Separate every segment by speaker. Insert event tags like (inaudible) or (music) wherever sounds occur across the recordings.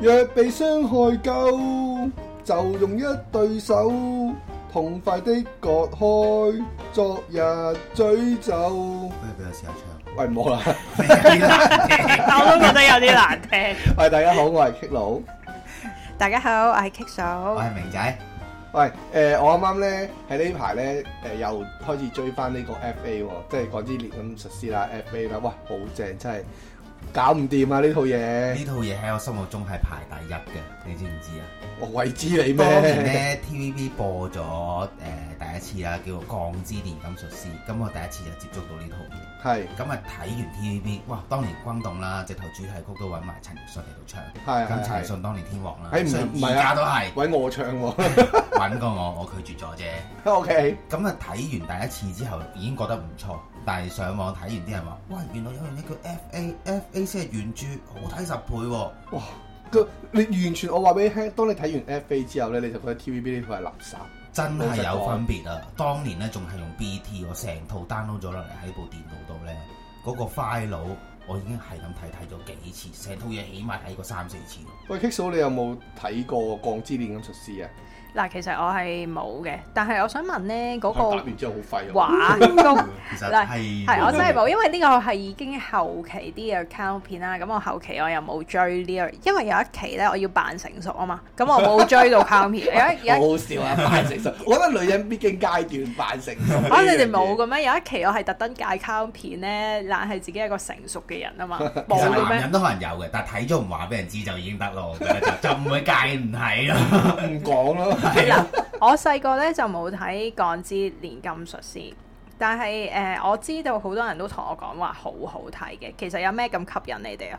Speaker 1: 若被傷害夠，就用一對手痛快的割開昨日醉酒。喂，俾我試下唱。喂，唔好
Speaker 2: 啦，我都覺得有啲難聽。
Speaker 1: 喂，大家好，我係 K 佬。
Speaker 2: 大家好，我係 K 嫂。我係明仔。
Speaker 1: 喂，誒，我啱啱咧喺呢排咧誒又開始追翻呢個 FA，即係港資列咁實施啦，FA 啦，哇，好正，真係。搞唔掂啊！呢套嘢呢套嘢喺我心目
Speaker 3: 中係排第一嘅，你知唔知啊？我、哦、未知你咩？當年咧 TVB 播咗誒、呃、第一次啦，叫做《鋼之煉金術師》，咁我第一次就接觸到呢套嘢。係咁啊，睇完 TVB，哇！當年轟動啦，直頭主題曲都揾埋陳奕迅喺度唱。係啊，咁陳奕迅當年天王啦，誒唔係而家都係
Speaker 1: 揾、啊、我唱喎、
Speaker 3: 啊，揾 (laughs) 過我，我拒絕咗啫。O K，咁啊睇完第一次之後已經覺得唔錯。但係上網睇
Speaker 1: 完啲人話，哇！原來有樣嘢叫 F A F A 先係原著，好睇十倍喎、哦！哇！佢你完全我話俾你聽，當你睇完 F A 之後咧，你就覺得 T V B 呢套係垃圾，真係有分
Speaker 3: 別啊！嗯、當年咧仲係用 B T，我成套 download 咗落嚟喺部電腦度
Speaker 1: 咧，嗰、那個 file 我已經係咁睇睇咗幾次，成套嘢起碼睇過三四次咯。喂，Kiko，你有冇睇過《鋼之鍊金術師》啊？
Speaker 2: 嗱，其實我係冇嘅，但係我想問咧嗰個畫個，
Speaker 1: 係係我真係冇，
Speaker 2: 因為呢個係已經後期啲嘅卡通片啦。咁我後期我又冇追呢，因為有一期咧我要扮成熟啊嘛，咁我冇追到卡通片。好好笑啊！扮成熟，
Speaker 1: 我覺得女人必經階段，扮成熟。
Speaker 2: 你哋冇嘅咩？有一期我係特登戒卡通片咧，扮係自己一個成熟嘅人啊嘛。冇男人
Speaker 3: 都可能有嘅，但係睇咗唔話俾人知就已經得咯，就唔會戒，唔係咯，唔講咯。
Speaker 2: 嗱， (laughs) 我細個咧就冇睇《鋼之煉金術師》但，但係誒我知道好多人都同我講話好好睇嘅。其實有咩咁吸引你哋
Speaker 1: 啊？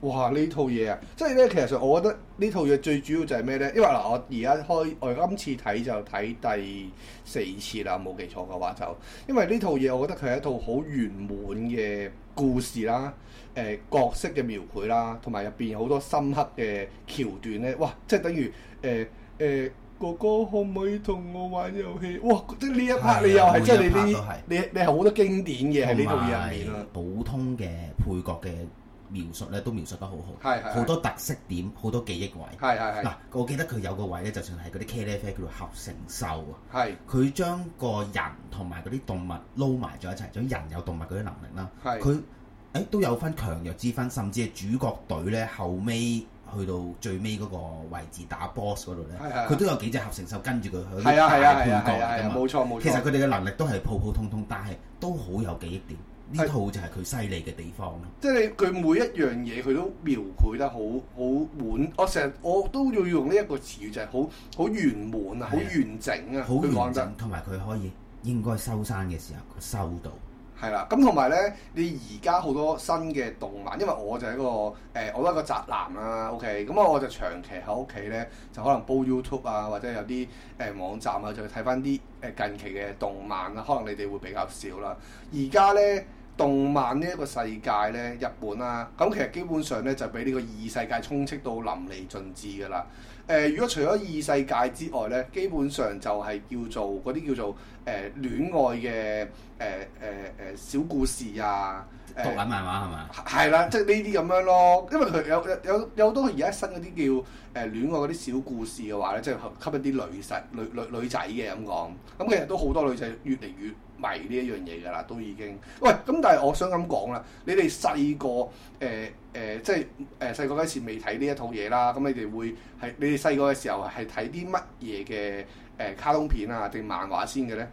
Speaker 1: 哇！呢套嘢啊，即係咧，其實我覺得呢套嘢最主要就係咩咧？因為嗱，我而家開我今次睇就睇第四次啦，冇記錯嘅話就，因為呢套嘢我覺得佢係一套好圓滿嘅故事啦，誒、呃、角色嘅描繪啦，同埋入邊好多深刻嘅橋段咧。哇、呃！即係等於誒。呃誒、欸，哥哥可唔可以同我玩遊戲？哇！即呢一 part 你又係即係你呢？你你係好多經典嘅喺呢套入面啦。
Speaker 3: 普通嘅配角嘅描述咧，都描述得好好。係係。好多特色點，好多記憶位。係係。嗱，我記得佢有個位咧，就算係嗰啲 cat cafe 叫做合成獸啊。係。佢將個人同埋嗰啲動物撈埋咗一齊，即係人有動物嗰啲能力啦。係係。佢、欸、誒都有分強弱之分，甚至係主角隊咧後尾。去到最尾嗰個位置打 boss 嗰度咧，佢、係啊、都有幾隻合成獸跟住佢去啲係啊，潘係啊，噶嘛、係啊。冇、係啊、錯，冇錯。其實佢哋嘅能力都係普普通通，但係都好有記憶點。呢是套就係佢犀利嘅地方咯。
Speaker 1: 即係佢每一樣嘢，佢都描繪得好好滿。我成日，我都要用呢一個詞語，就係好好圓滿啊，好完整啊。好完整，
Speaker 3: 同埋佢可以應該收山嘅時候，佢收到。
Speaker 1: 係啦，咁同埋咧，你而家好多新嘅動漫，因為我就係一個誒、呃，我都係個宅男啦、啊。OK，咁我我就長期喺屋企咧，就可能煲 YouTube 啊，或者有啲誒、呃、網站啊，就去睇返啲誒近期嘅動漫啊。可能你哋會比較少啦。而家咧。動漫呢一個世界咧，日本啦、啊，咁、嗯、其實基本上咧就俾呢個異世界充斥到淋漓盡致㗎啦。誒、呃，如果除咗異世界之外咧，基本上就係叫做嗰啲叫做誒戀愛嘅誒誒誒小故事啊，誒、呃，動漫漫畫係嘛？係啦、啊，即係呢啲咁樣咯。因為佢有有有好多而家新嗰啲叫誒戀愛嗰啲小故事嘅話咧，即、就、係、是、吸引一啲女神、女女女、女仔嘅咁講。咁、嗯嗯、其實都好多女仔越嚟越。迷呢一樣嘢㗎啦，都已經喂咁。但係我想咁講啦，你哋細個誒誒，即係誒細個嗰時未睇呢一套嘢啦。咁你哋會係你哋細個嘅時候係睇啲乜嘢嘅誒卡通片啊，定漫畫先嘅咧？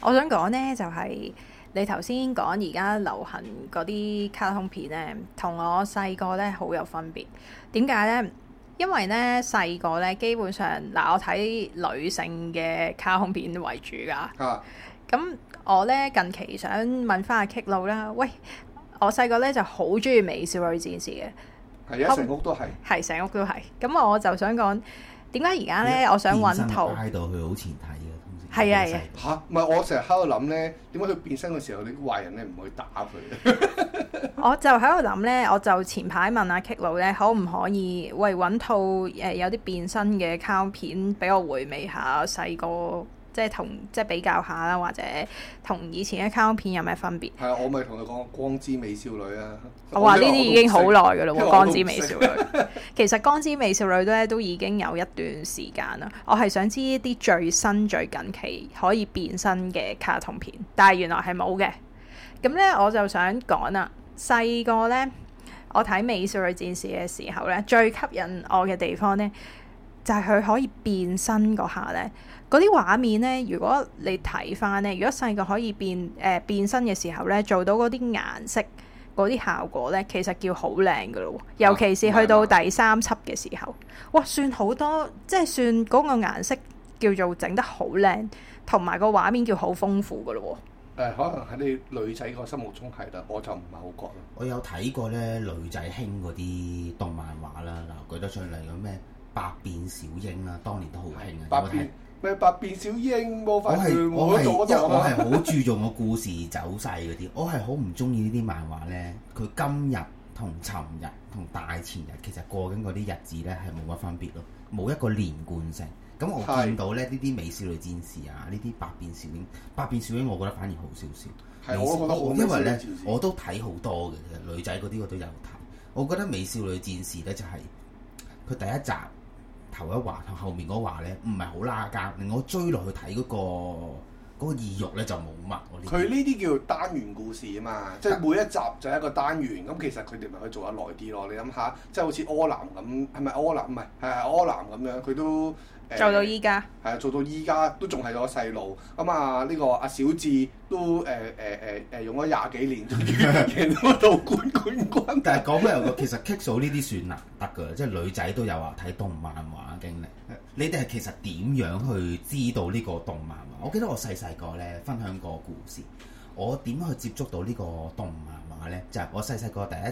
Speaker 2: 我想講咧，就係、是、你頭先講而家流行嗰啲卡通片咧，同我細個咧好有分別。點解咧？因為咧細個咧基本上嗱、呃，我睇女性嘅卡通片為主㗎。啊咁我咧近期想問翻阿、啊、Kilo 啦，喂，我細個咧就好中意美少女戰士嘅，係啊的，成好屋都係，係成屋都係。咁我就想講，點解而家咧，我想揾套？街
Speaker 1: 道佢好前睇嘅，係啊係啊。嚇，唔係我成日喺度諗咧，點解佢變身嘅時候，啲壞人咧唔會打佢？
Speaker 2: (laughs) 我就喺度諗咧，我就前排問阿、啊、Kilo 咧，可唔可以為揾套誒、呃、有啲變身嘅卡通片俾我回味下細個？即係同即係比較下啦，或者同以前嘅卡通片有咩分別？
Speaker 1: 係啊，我咪同你講過《光之美少女》啊！我話呢啲已經好耐㗎嘞喎，《光之美少女》
Speaker 2: 其實《光之美少女》咧都已經有一段時間啦。我係想知啲最新最近期可以變身嘅卡通片，但係原來係冇嘅。咁咧我就想講啦，細個咧我睇《美少女戰士》嘅時候咧，最吸引我嘅地方咧就係、是、佢可以變身嗰下咧。嗰啲畫面呢，如果你睇翻呢，如果細個可以變誒、呃、變身嘅時候呢，做到嗰啲顏色嗰啲效果呢，其實叫好靚噶咯。啊、尤其是去到第三輯嘅時候，哇，哇算好多，即係算嗰個顏色叫做整得好靚，同埋個畫面叫好豐富噶咯。誒、
Speaker 1: 呃，可能喺你女仔個心目中係啦，我就唔係好覺。
Speaker 3: 我有睇過呢女仔興嗰啲動漫畫啦，嗱、呃、舉得出嚟有咩百變小櫻啦、啊，當年都好興啊，的八便 咩百
Speaker 1: 變小櫻？我係我係我係好
Speaker 3: 注重個故事走勢嗰啲， (laughs) 我係好唔中意呢啲漫畫呢。佢今日同尋日同大前日其實過緊嗰啲日子呢，係冇乜分別咯，冇一個連貫性。咁我見到咧呢啲是美少女戰士啊，呢啲百變小櫻，百變小櫻，我覺得反而好是少少。因為呢，啊、我都睇好多嘅，其實女仔嗰啲我都有睇。我覺得美少女戰士呢、就是，就係佢第一集。頭一話同後面嗰話咧，唔係好拉近，令我追落去睇嗰個嗰個意欲咧就冇乜。
Speaker 1: 佢呢啲叫單元故事啊嘛，但 即係每一集就係一個單元，咁其實佢哋咪可以做得耐啲咯。你諗下，即係好似柯南咁，係咪柯南？唔係係柯南咁樣，佢都。做到依家，係 (noise) 啊樂！做到依家、嗯、都仲係、個細路，咁啊呢個阿小智都誒誒誒誒用咗廿幾年，
Speaker 3: 攞到冠冠軍。 (laughs) 但係講咩？又個，其實 kick 數呢啲算難得㗎，即係女仔都有話睇動漫畫經歷。你哋係其實點樣去知道呢個動漫畫？我記得我細細個咧分享過故事，我點樣去接觸到呢個動漫畫咧？就係、是、我細細個第一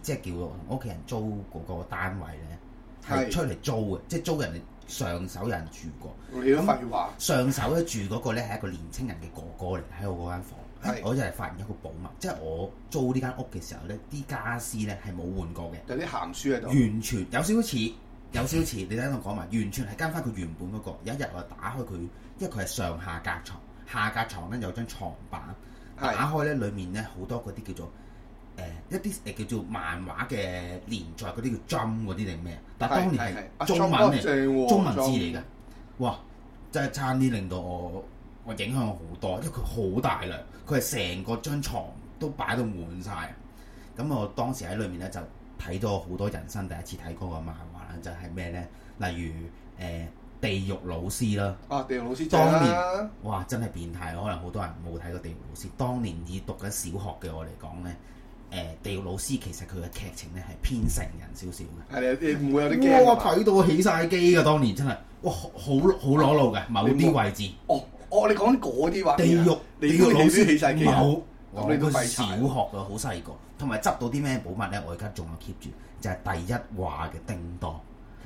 Speaker 3: 次即係叫屋企人租嗰個單位咧，
Speaker 1: 係出
Speaker 3: 嚟租嘅，是即係租人嚟。上手有人住過，
Speaker 1: 你都廢話。
Speaker 3: 上手咧住嗰個咧係一個年青人嘅哥哥嚟，喺我嗰間房，是我就係發現一個寶物，即、就、係、是、我租呢間屋嘅時候咧，啲家私咧係冇換過嘅。有啲鹹書喺度，完全有少少似，有少少似。你等我講埋，完全係跟翻佢原本嗰、那個。有一日我就打開佢，因為佢係上下格床。下格床咧有張床板，打開咧裡面咧好多嗰啲叫做。誒一啲誒叫做漫畫嘅連載嗰啲叫針嗰啲定咩？但當年係中文嚟，啊、中文中文字嚟嘅，哇！真係差啲令到我我影響好多，因為佢好大量，佢係成個張床都擺到滿晒。咁我當時喺裏面咧就睇咗好多人生第一次睇嗰個漫畫啦，就係咩咧？例如誒、呃《地獄老師》啦，啊
Speaker 1: 《地獄》，啊《地獄老師》當年
Speaker 3: 哇真係變態，可能好多人冇睇過《地獄老師》。當年已讀緊小學嘅我嚟講咧。誒、呃、地獄老師，其實佢嘅劇情咧係偏成人少少嘅，係啊，唔會有啲驚，我睇到起晒機㗎，當年真係，哇，好好裸露嘅某啲位
Speaker 1: 置。哦，哦，你講嗰啲話，地獄地獄老師，獄老師起晒機，某我哋都係
Speaker 3: 小學啊，好細個，同埋執到啲咩寶物咧，我而家仲有 keep 住，就係、是、第一話嘅叮當。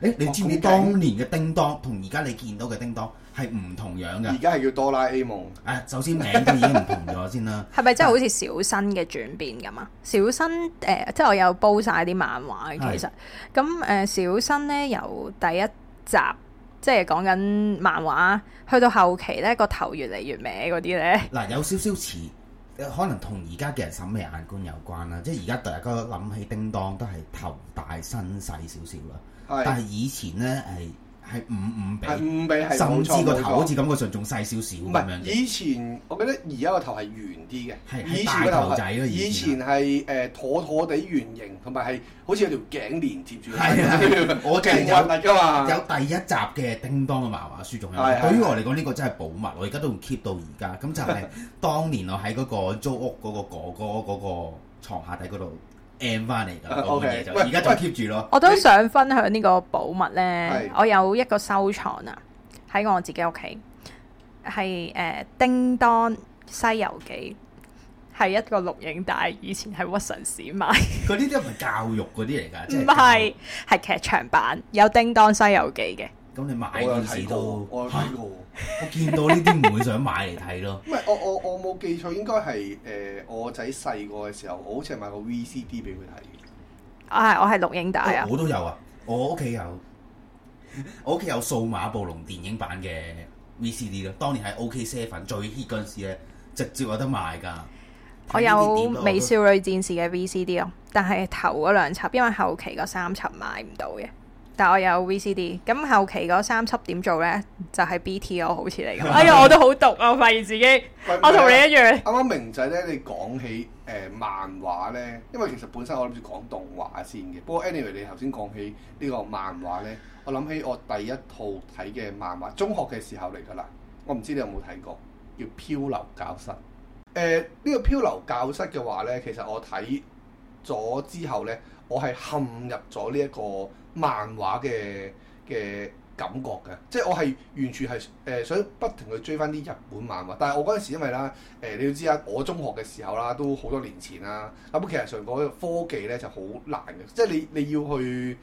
Speaker 3: 欸、你知唔知當年嘅叮當同而家你見到嘅叮當係唔同
Speaker 1: 樣嘅？而家係叫哆啦 A 夢。誒，首先名都已經唔同咗 (laughs) 先啦了。
Speaker 2: 係咪真係好似小新嘅轉變咁啊？小新誒、呃，即係我有煲晒啲漫畫嘅，是其實咁誒、呃，小新呢，由第一集即係講緊漫畫，去到後期呢，個頭越嚟越歪嗰啲呢，
Speaker 3: 嗱，有少少似，可能同而家嘅審美眼觀有關啦。即係而家突然間諗起叮當都係頭大身細少少啦。是但係以前咧，係係五五比，五比，係甚至個錯頭，頭好似感覺上仲細少少。以
Speaker 1: 前我記得而家個頭係圓啲嘅，係是大頭仔以前係誒、呃、妥妥地圓形，同埋係好似有條頸連接住。係、啊、 (laughs) 我淨係握噶嘛？有
Speaker 3: 第一集嘅《叮噹》嘅漫畫書，仲有。啊啊、對於我嚟講，呢、這個真係寶物。我而家都 keep 到而家。咁就係當年我喺嗰個租屋嗰個哥哥嗰個床下底嗰度。M 翻嚟噶，而家仲 keep 住咯。Okay.
Speaker 2: 我都想分享呢個寶物咧，是我有一個收藏啊，喺我自己屋企，係誒、呃《叮噹西遊記》，係一個錄影帶，以前喺屈臣氏買。佢呢啲都唔
Speaker 3: 係教育嗰啲嚟噶？唔係
Speaker 2: 是，係劇場版有《叮噹西遊記》嘅。
Speaker 3: 咁你買嗰陣時都我，我有睇過，是 (laughs) 我見
Speaker 2: 到
Speaker 1: 呢啲唔會
Speaker 3: 想買嚟睇咯。唔
Speaker 1: 係， (laughs) 我我我冇記錯，應該係誒、呃、我仔細個嘅時候，我好似係買個 VCD 俾佢睇
Speaker 2: 啊，係，我係錄影帶啊、哦。我都有啊，
Speaker 3: 我屋企有，我屋企有，有數碼暴龍電影版嘅 VCD 咯。當年喺 OK Seven 最 hit 嗰陣時咧，直接有得賣㗎。
Speaker 2: 我有美少女戰士嘅 VCD 咯，但係頭嗰兩集，因為後期個三集買唔到嘅。但我有 V C D，咁、啊、後期嗰三輯點做呢？就係、是、B T O 好似嚟。咁。 (laughs) 哎呀，我都好毒啊！我發現自己喂我同你一
Speaker 1: 樣啱啱、啊、明仔呢，你講起誒、呃、漫畫呢，因為其實本身我諗住講動畫先嘅。不過 anyway，你頭先講起呢個漫畫呢，我諗起我第一套睇嘅漫畫，中學嘅時候嚟㗎喇。我唔知你有冇睇過，叫漂流教室。誒呢、呃這個漂流教室嘅話呢，其實我睇咗之後呢，我係陷入咗呢一個。漫畫嘅嘅感覺嘅，即係我係完全係誒、呃、想不停去追翻啲日本漫畫，但係我嗰陣時因為咧誒、呃，你要知啊，我中學嘅時候啦，都好多年前啦，咁其實上個科技咧就好難嘅，即係你你要去誒、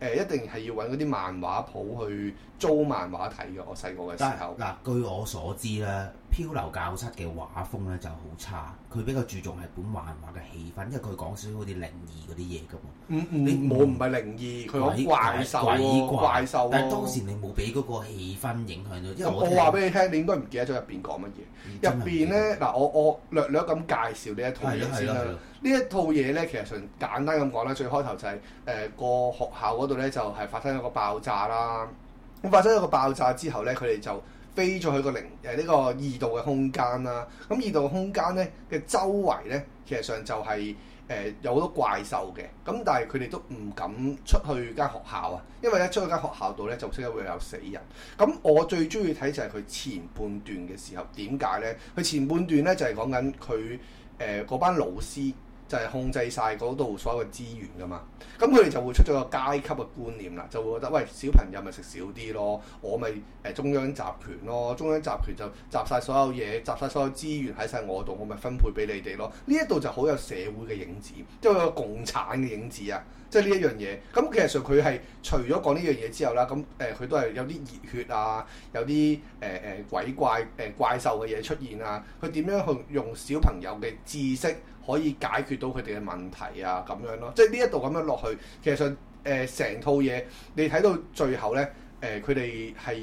Speaker 1: 呃，一定係要搵嗰啲漫畫鋪去。租漫畫睇嘅，我細個嘅時候嗱。據
Speaker 3: 我所知咧，《漂流教室》嘅畫風咧就好差，佢比較注重係本漫畫嘅氣氛，因為佢講少少啲靈異嗰啲嘢嘅喎。嗯嗯、你冇唔係靈異，佢好怪獸喎。怪獸、啊。但係當時你冇俾嗰個氣氛影響到，因為我我話俾
Speaker 1: 你聽，你應該唔記得咗入邊講乜嘢。入邊咧嗱，我我略略咁介紹呢一套嘢先啦。呢一套嘢咧，其實純簡單咁講啦，最開頭就係誒個學校嗰度咧，就係發生咗個爆炸啦。咁發生一個爆炸之後咧，佢哋就飛咗去個零誒、呢、呃這個二度嘅空間啦。咁二度嘅空間咧嘅周圍咧，其實上就係、是、誒、呃、有好多怪獸嘅。咁但係佢哋都唔敢出去間學校啊，因為咧出去間學校度咧就識得會有死人。咁我最中意睇就係佢前半段嘅時候點解咧？佢前半段咧就係講緊佢誒嗰班老師。就係控制晒嗰度所有嘅資源㗎嘛，咁佢哋就會出咗個階級嘅觀念啦，就會覺得喂，小朋友咪食少啲咯，我咪誒中央集權咯，中央集權就集晒所有嘢，集晒所有資源喺晒我度，我咪分配俾你哋咯，呢一度就好有社會嘅影子，即係有一個共產嘅影子啊！即係呢一樣嘢，咁其實上佢係除咗講呢樣嘢之後啦，咁誒佢都係有啲熱血啊，有啲誒誒鬼怪誒、呃、怪獸嘅嘢出現啊，佢點樣用用小朋友嘅知識可以解決到佢哋嘅問題啊？咁樣咯，即係呢一度咁樣落去，其實誒成、呃、套嘢你睇到最後咧，誒佢哋係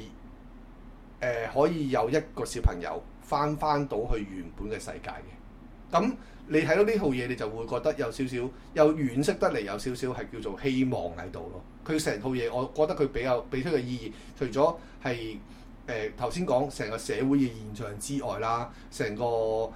Speaker 1: 誒可以有一個小朋友翻翻到去原本嘅世界嘅，咁。你睇到呢套嘢，你就會覺得有少少，又惋惜得嚟有少少係叫做希望喺度咯。佢成套嘢，我覺得佢比較俾出嘅意義除，除咗係誒頭先講成個社會嘅現象之外啦，成個誒誒誒，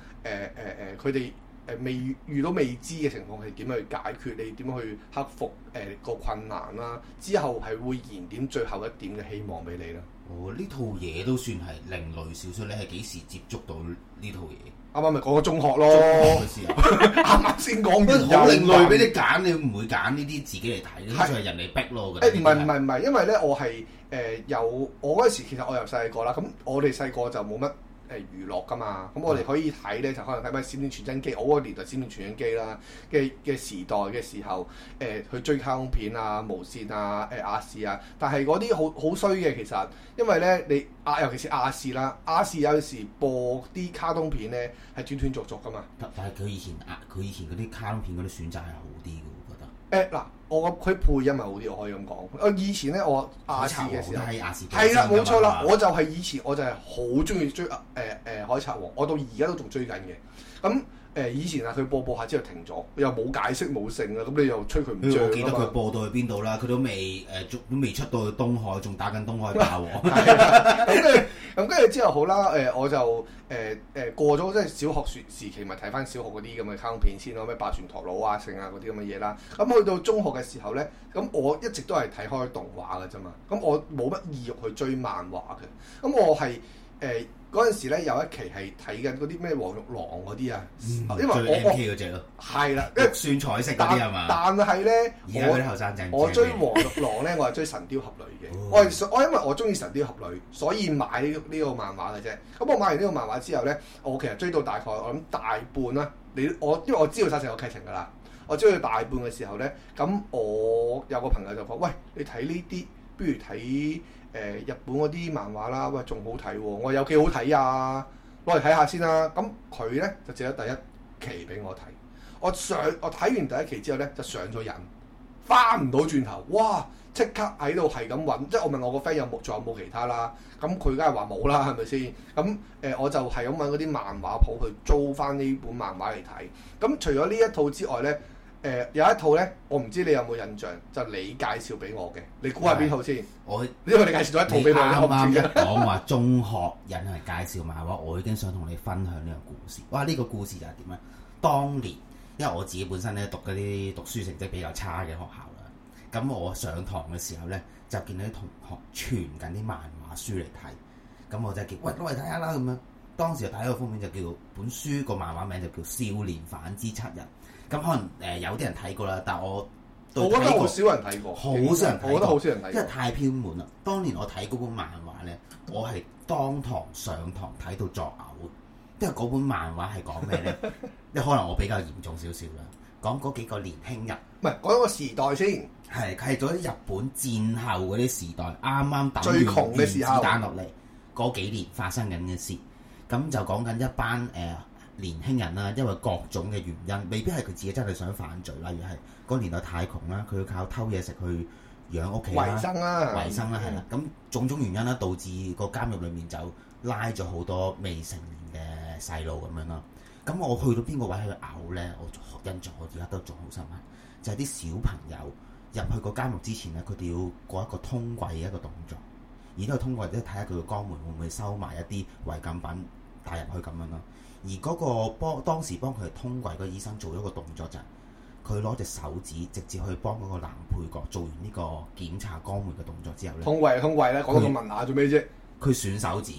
Speaker 1: 佢哋誒未遇到未知嘅情況係點樣去解決，你點樣去克服誒、呃、個困難啦？之後係會燃點最後一點嘅希望俾你啦。哦，呢套嘢都算係另類少少。你係幾時接觸到呢套嘢？啱啱咪講個中學咯，啱啱先講完，有另類俾你
Speaker 3: 揀， (laughs) 你唔會揀呢啲自己嚟睇，呢啲係人哋逼咯。誒唔係唔係
Speaker 1: 唔係，因為咧我係誒由我嗰時其實我又細個啦，咁我哋細個就冇乜。誒娛樂㗎嘛，咁我哋可以睇咧，就可能睇返閃電傳真機，好嗰年代閃電傳真機啦，嘅嘅時代嘅時候，誒、呃、去追卡通片啊、無線啊、誒亞視啊，但係嗰啲好好衰嘅其實，因為咧你亞尤其是亞視啦，亞視有時播啲卡通片咧係斷斷續續㗎嘛。但係佢以前亞佢以
Speaker 3: 前嗰啲卡通片嗰啲選擇係好啲。
Speaker 1: 誒嗱、欸，我佢配音係好啲，我可以咁講。啊，以前咧我亞視嘅時候，係亞視，係啦，冇錯啦，我就係以前，我就係好中意追誒誒、呃呃《海賊王》，我到而家都仲追緊嘅。咁、嗯。誒以前啊，佢播播下之後停咗，又冇解釋冇性啊，咁你又吹佢唔著啊嘛，我記得佢播
Speaker 3: 到去邊度啦，佢都未誒、呃，都未出到去東海，仲打緊東海大王。
Speaker 1: 咁跟住，嗯嗯、之後好啦，誒、呃、我就誒誒、呃、過咗即係小學時期，咪睇翻小學嗰啲咁嘅卡通片先咯，咩爆旋陀螺啊，剩啊嗰啲咁嘅嘢啦。咁、嗯、去到中學嘅時候咧，咁、嗯、我一直都係睇開動畫嘅啫嘛。咁、嗯、我冇乜意欲去追漫畫嘅。咁、嗯、我係誒。呃嗰陣時咧有一期係睇緊嗰啲咩黃玉郎嗰啲啊，因為我屋企嗰隻
Speaker 3: 咯，係啦，因為算彩色嗰啲係嘛？但
Speaker 1: 係咧，而家後生仔，我追黃玉郎咧，我係追神雕俠侶嘅，我係我因為我中意神雕俠侶，所以買呢呢個漫畫嘅啫。咁我買完呢個漫畫之後咧，我其實追到大概我諗大半啦。你我因為我知道曬成個劇情㗎啦，我追到大半嘅時候咧，咁我有個朋友就講：喂，你睇呢啲，不如睇，誒、呃、日本嗰啲漫畫啦，喂，仲好睇喎！我話有幾好睇啊，攞嚟睇下先啦、啊。咁佢咧就借咗第一期俾我睇，我上我睇完第一期之後咧就上咗癮，翻唔到轉頭，哇！即刻喺度係咁揾，即係我問我個 friend 有冇仲有冇其他啦，咁佢梗係話冇啦，係咪先？咁、嗯、誒、呃、我就係咁揾嗰啲漫畫鋪去租翻呢本漫畫嚟睇。咁、嗯、除咗呢一套之外咧。誒、呃、有一套咧，我唔知你有冇印象，就係、你介紹俾我嘅，你估下邊套先？我因為你介紹咗一套俾、啊、我，好啱講
Speaker 3: 話中學引人介紹埋嘅，我已經想同你分享呢個故事。哇！呢、呢個故事又係點咧？當年因為我自己本身咧讀嗰啲讀書成績比較差嘅學校啦，咁我上堂嘅時候咧就見到啲同學傳緊啲漫畫書嚟睇，咁我就叫喂，都嚟睇下啦咁樣。當時睇一個封面就叫本書，個漫畫名就叫《少年反之七人》。咁可能誒、呃、有啲人睇過啦，但係我
Speaker 1: 我覺得好少人睇過，好實少人，我覺得好
Speaker 3: 少人睇，因為太飄滿啦。當年我睇嗰本漫畫咧，嗯、我係當堂上堂睇到作嘔。因為嗰本漫畫係講咩咧？ (laughs) 因為可能我比較嚴重少少啦。講嗰幾個年輕人，唔係講嗰個時代先，係佢係咗日本戰後嗰啲時代，啱啱打完最窮嘅時候落嚟嗰幾年發生緊嘅事，咁就講緊一班誒。呃年輕人啦，因為各種嘅原因，未必係佢自己真係想犯罪啦，而係嗰年代太窮啦，佢要靠偷嘢食去養屋企啦，維生啦、啊，維啦，係啦。咁、嗯、種種原因啦，導致個監獄裡面就拉咗好多未成年嘅細路咁樣咯。咁我去到邊個位喺度嘔呢？我印象我而家都仲好深刻，就係、是、啲小朋友入去個監獄之前呢，佢哋要過一個通櫃嘅一個動作，然之後通過或者睇下佢個肛門會唔會收埋一啲違禁品。帶入去咁樣咯，而嗰個幫當時幫佢通櫃嗰個醫生做咗個動作就係、是，佢攞隻手指直接去幫嗰個男配角做完呢個檢查肛門嘅動作之後咧，通櫃
Speaker 1: 通櫃咧，講到咁文
Speaker 3: 雅做咩啫？佢選手指，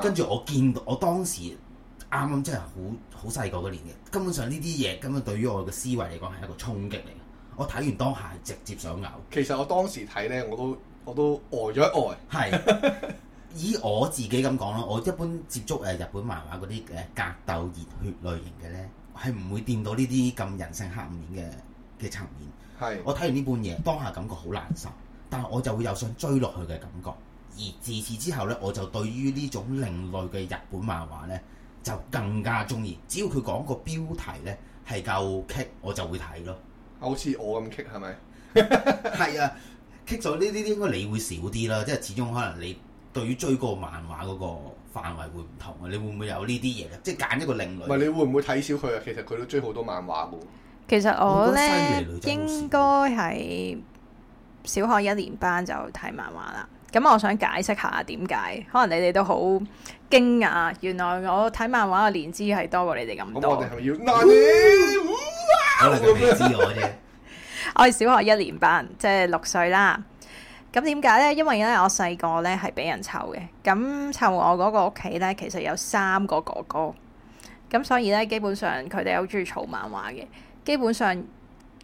Speaker 1: 跟住、啊、
Speaker 3: 我見到我當時啱啱真係好好細個年嘅。根本上呢啲嘢根本對於我嘅思維嚟講係一個衝擊嚟嘅。我睇完當下係直接想嘔。
Speaker 1: 其實我當時睇咧，我都我都呆、呃、咗一呆、呃。係是。 (laughs)
Speaker 3: 以我自己咁講咯，我一般接觸誒日本漫畫嗰啲誒格鬥熱血類型嘅呢，係唔會掂到呢啲咁人性黑面嘅嘅層面。係是我睇完呢本嘢，當下感覺好難受，但係我就會有想追落去嘅感覺。而自此之後呢，我就對於呢種另類嘅日本漫畫呢，就更加中意。只要佢講個標題呢係夠 Kick，我就會睇咯。好似我咁、 (laughs) (laughs) 啊、Kick，係咪？係啊，Kick 咗呢啲啲應該你會少啲啦，即係始終可能你。對於追個漫畫嗰個範圍
Speaker 1: 會唔同啊？你會唔會有呢啲嘢咧？即係揀一個另類。唔係你會唔會睇小佢啊？其實佢都追好多漫畫
Speaker 2: 嘅。其實我咧應該係小學一年班就睇漫畫啦。咁我，我想解釋下點解，可能你哋都好驚訝，原來我睇漫畫嘅年資係多過你哋咁多。我
Speaker 1: 哋係咪要？可能你知我啫。
Speaker 2: 我係小學一年班，即係六歲啦。咁點解咧？因為咧，我細個咧係俾人湊嘅。咁湊我嗰個屋企咧，其實有三個哥哥，咁所以咧，基本上佢哋好中意儲漫畫嘅。基本上。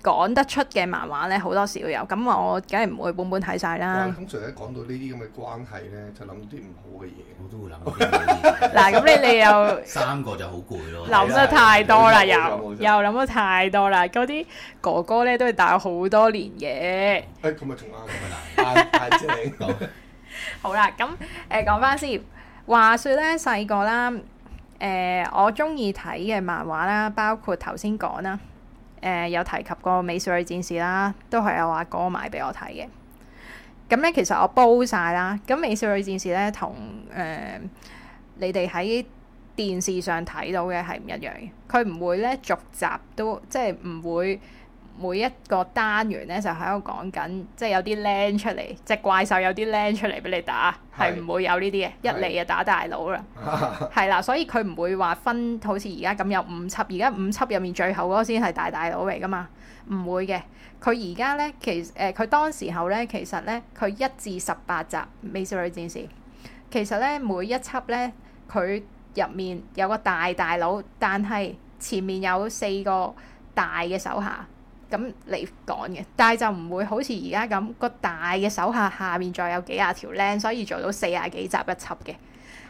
Speaker 2: 講得出嘅漫畫咧，好多時都有。咁我梗係唔會本本睇晒啦。咁除
Speaker 1: 咗講到呢啲咁嘅關係咧，就諗啲唔好嘅嘢，我都會諗。
Speaker 2: 嗱，咁你你又三
Speaker 1: 個就好攰咯。諗得太多啦，又又
Speaker 2: 諗得太多啦。嗰啲哥哥咧都係大我好多年嘅。誒，
Speaker 1: 咁咪仲啱咁
Speaker 2: 樣啦。阿阿哲你講好啦。咁誒講翻先。話説咧，細個啦，誒我中意睇嘅漫畫啦，包括頭先講啦。誒、呃、有提及過美少女戰士啦，都係有阿、啊、哥哥買俾我睇嘅。咁咧，其實我煲晒啦。咁美少女戰士咧，同誒、呃、你哋喺電視上睇到嘅係唔一樣嘅。佢唔會咧，續集都，即係唔會。每一個單元咧就喺度講緊，即係有啲靚出嚟，隻怪獸有啲靚出嚟俾你打，係唔是會有呢啲嘅。是一嚟就打大佬啦，係啦， (laughs) 所以佢唔會話分好似而家咁有五輯，而家五輯入面最後嗰個先係大大佬嚟㗎嘛，唔會嘅。佢而家咧，其誒佢、呃、當時候咧，其實咧，佢一至十八集《美少女戰士》，其實咧每一輯咧，佢入面有個大大佬，但係前面有四個大嘅手下。咁嚟講嘅，但係就唔會好似而家咁個大嘅手下下面再有幾廿條靚，所以做到四廿幾集一輯嘅。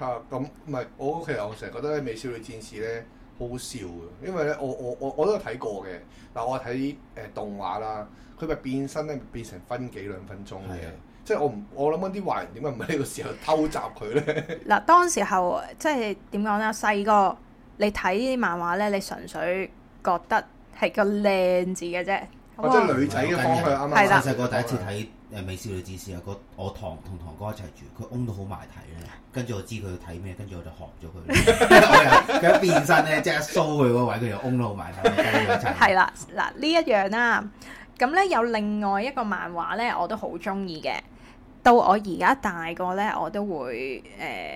Speaker 1: 嚇、啊！咁唔係我其實我成日覺得咧《美少女戰士呢》咧好笑嘅，因為咧我我我我都有睇過嘅，但我睇誒、呃、動畫啦，佢咪變身咧變成分幾兩分鐘嘅，的即係我唔我諗緊啲壞人點解唔喺呢個時候偷襲佢咧？
Speaker 2: 嗱、啊，當時候即係點講咧？細個你睇啲漫畫咧，你純粹覺得。係個靚字嘅啫，或
Speaker 3: 者、哦哦、女仔嘅講佢啱啱。我細個第一次睇《誒美少女戰士》的，個我堂同堂哥一齊住，佢嗡到好埋睇咧。跟住 (laughs) 我知佢睇咩，跟住我就學咗佢。佢 (laughs) (laughs) (laughs) 一變身咧，即係一梳佢嗰位，佢又嗡到好埋睇。係
Speaker 2: 啦，嗱呢 (laughs) 一樣啦、啊。咁咧有另外一個漫畫咧，我都好中意嘅。到我而家大個咧，我都會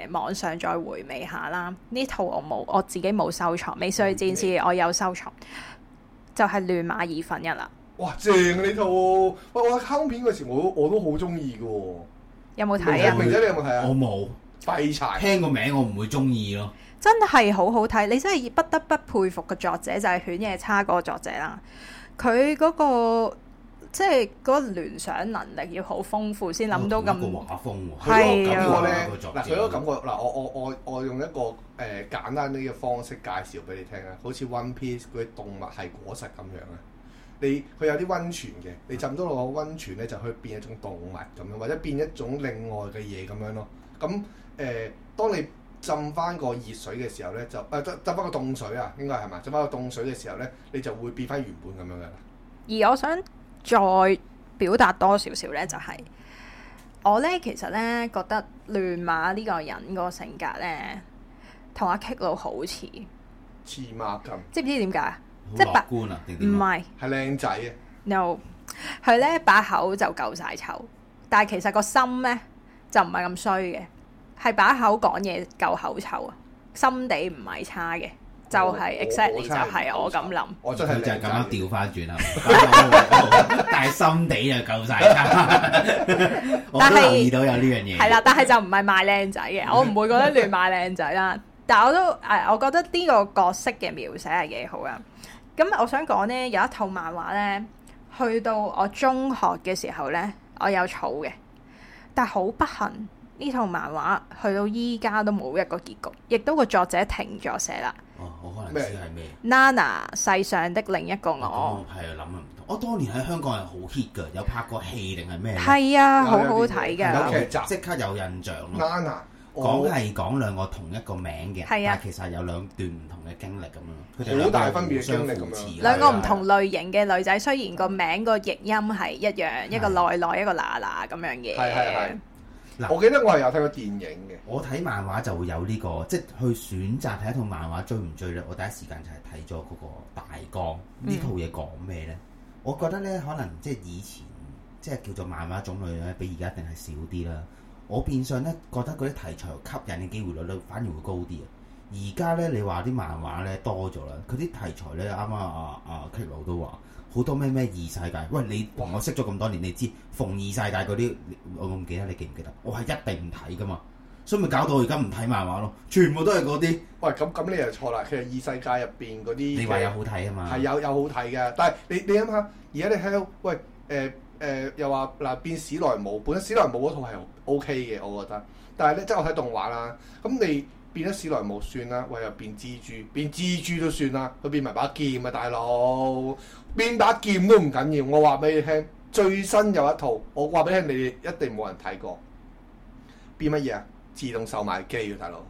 Speaker 2: 誒網上再回味下啦。呢套我冇，我自己冇收藏《美少女戰士》，我有收藏。就係亂馬二分一啦、
Speaker 1: 啊！哇，正呢套喂，我卡通片嗰時我我都好
Speaker 2: 中意嘅，有冇睇啊？明仔會你有冇睇
Speaker 1: 啊？我冇，廢柴。聽個名我唔會
Speaker 3: 中意咯，
Speaker 2: 真係好好睇。你真係不得不佩服個作者就係、是、犬夜叉嗰個作者啦，佢嗰、那個。即係嗰聯想能力要好豐富，先諗到咁。佢個畫風喎、啊，
Speaker 1: 佢個的感覺咧嗱，佢個、啊、感覺嗱，我我我我用一個誒、呃、簡單啲嘅方式介紹俾你聽啊，好似《One Piece》嗰啲動物係果實咁樣啊。你佢有啲溫泉嘅，你浸咗落個溫泉咧，就可以變一種動物咁樣，或者變一種另外嘅嘢咁樣咯。咁、呃、誒，當你浸翻個熱水嘅時候咧，就誒、呃、浸翻個凍水啊，應該係咪？浸翻個凍水嘅時候咧，你就會變翻原本咁樣嘅啦。
Speaker 2: 而我想。再表達多少少呢？就係我呢，其實呢，覺得亂馬呢個人個性格呢，同阿 k 佬好似
Speaker 1: 似馬咁。知唔知點解啊？即係白觀啊，唔係係靚仔啊
Speaker 2: ？No，佢呢把口就夠晒臭，但係其實個心呢，就唔係咁衰嘅，係把口講嘢夠口臭啊，心地唔係差嘅。就係 exactly 就係我咁諗，我仲要就係咁樣
Speaker 3: 調翻轉啊！但係心地就夠曬
Speaker 2: 差。我都留意到有呢樣嘢，係啦，但係就唔係賣靚仔嘅，我唔會覺得亂賣靚仔啦。 (laughs) 但係我都誒、哎，我覺得呢個角色嘅描寫係幾好噶。咁我想講呢，有一套漫畫呢，去到我中學嘅時候呢，我有儲嘅，但係好不幸。呢套漫畫去到依家都冇一個結局，亦都個作者停咗寫啦。哦
Speaker 1: ，oh, 我可能咩係咩
Speaker 2: ？Nana 世上的另一個我
Speaker 3: 係諗唔同。我、哦、當年喺香港係好 hit 㗎，有拍過戲定係咩？係
Speaker 2: 啊，
Speaker 1: 好好睇㗎。有劇
Speaker 3: 集，即、嗯、刻有印象咯。Nana
Speaker 1: I 講係
Speaker 3: 講兩個同一個名嘅，但啊，但其實有兩段唔同嘅經歷咁樣。佢哋好大分別嘅經歷咁樣。兩
Speaker 2: 個唔同類型嘅女仔，雖然個名個譯音係一樣，啊、一個奈奈，一個娜娜咁樣嘅。係係係。
Speaker 3: 嗱，我記得我係有睇過電影嘅、嗯。我睇漫畫就會有呢個，即係去選擇睇一套漫畫追唔追咧？我第一時間就係睇咗嗰個大江呢套嘢講咩咧？嗯、我覺得咧，可能即係以前即係叫做漫畫種類咧，比而家一定係少啲啦。我變相咧覺得嗰啲題材吸引嘅機會率咧，反而會高啲。而家咧，你話啲漫畫咧多咗啦，佢啲題材咧，啱啱阿 K 佬都話，好多咩咩異世界？喂，你，同我識咗咁多年，你知逢異世界嗰啲，我唔記得你記唔記得？我係一定唔睇噶嘛，所以咪搞到而家唔睇漫畫咯。全部
Speaker 1: 都係嗰啲喂咁咁，你又錯啦。其實異世界入邊嗰啲，你話有好睇啊嘛？係有有好睇嘅，但係你你諗下，而家你睇喂誒誒，又話嗱變史萊姆，本身史萊姆嗰套係 OK 嘅，我覺得。但係咧，即係我睇動畫啦，咁你。變咗史萊姆算啦，喂又變蜘蛛，變蜘蛛都算啦，佢變埋把劍啊，大佬。變把劍都唔緊要。我話俾你聽，最新有一套，我話俾你聽，你一定冇人睇過。變乜嘢啊？自動售賣機啊，大佬。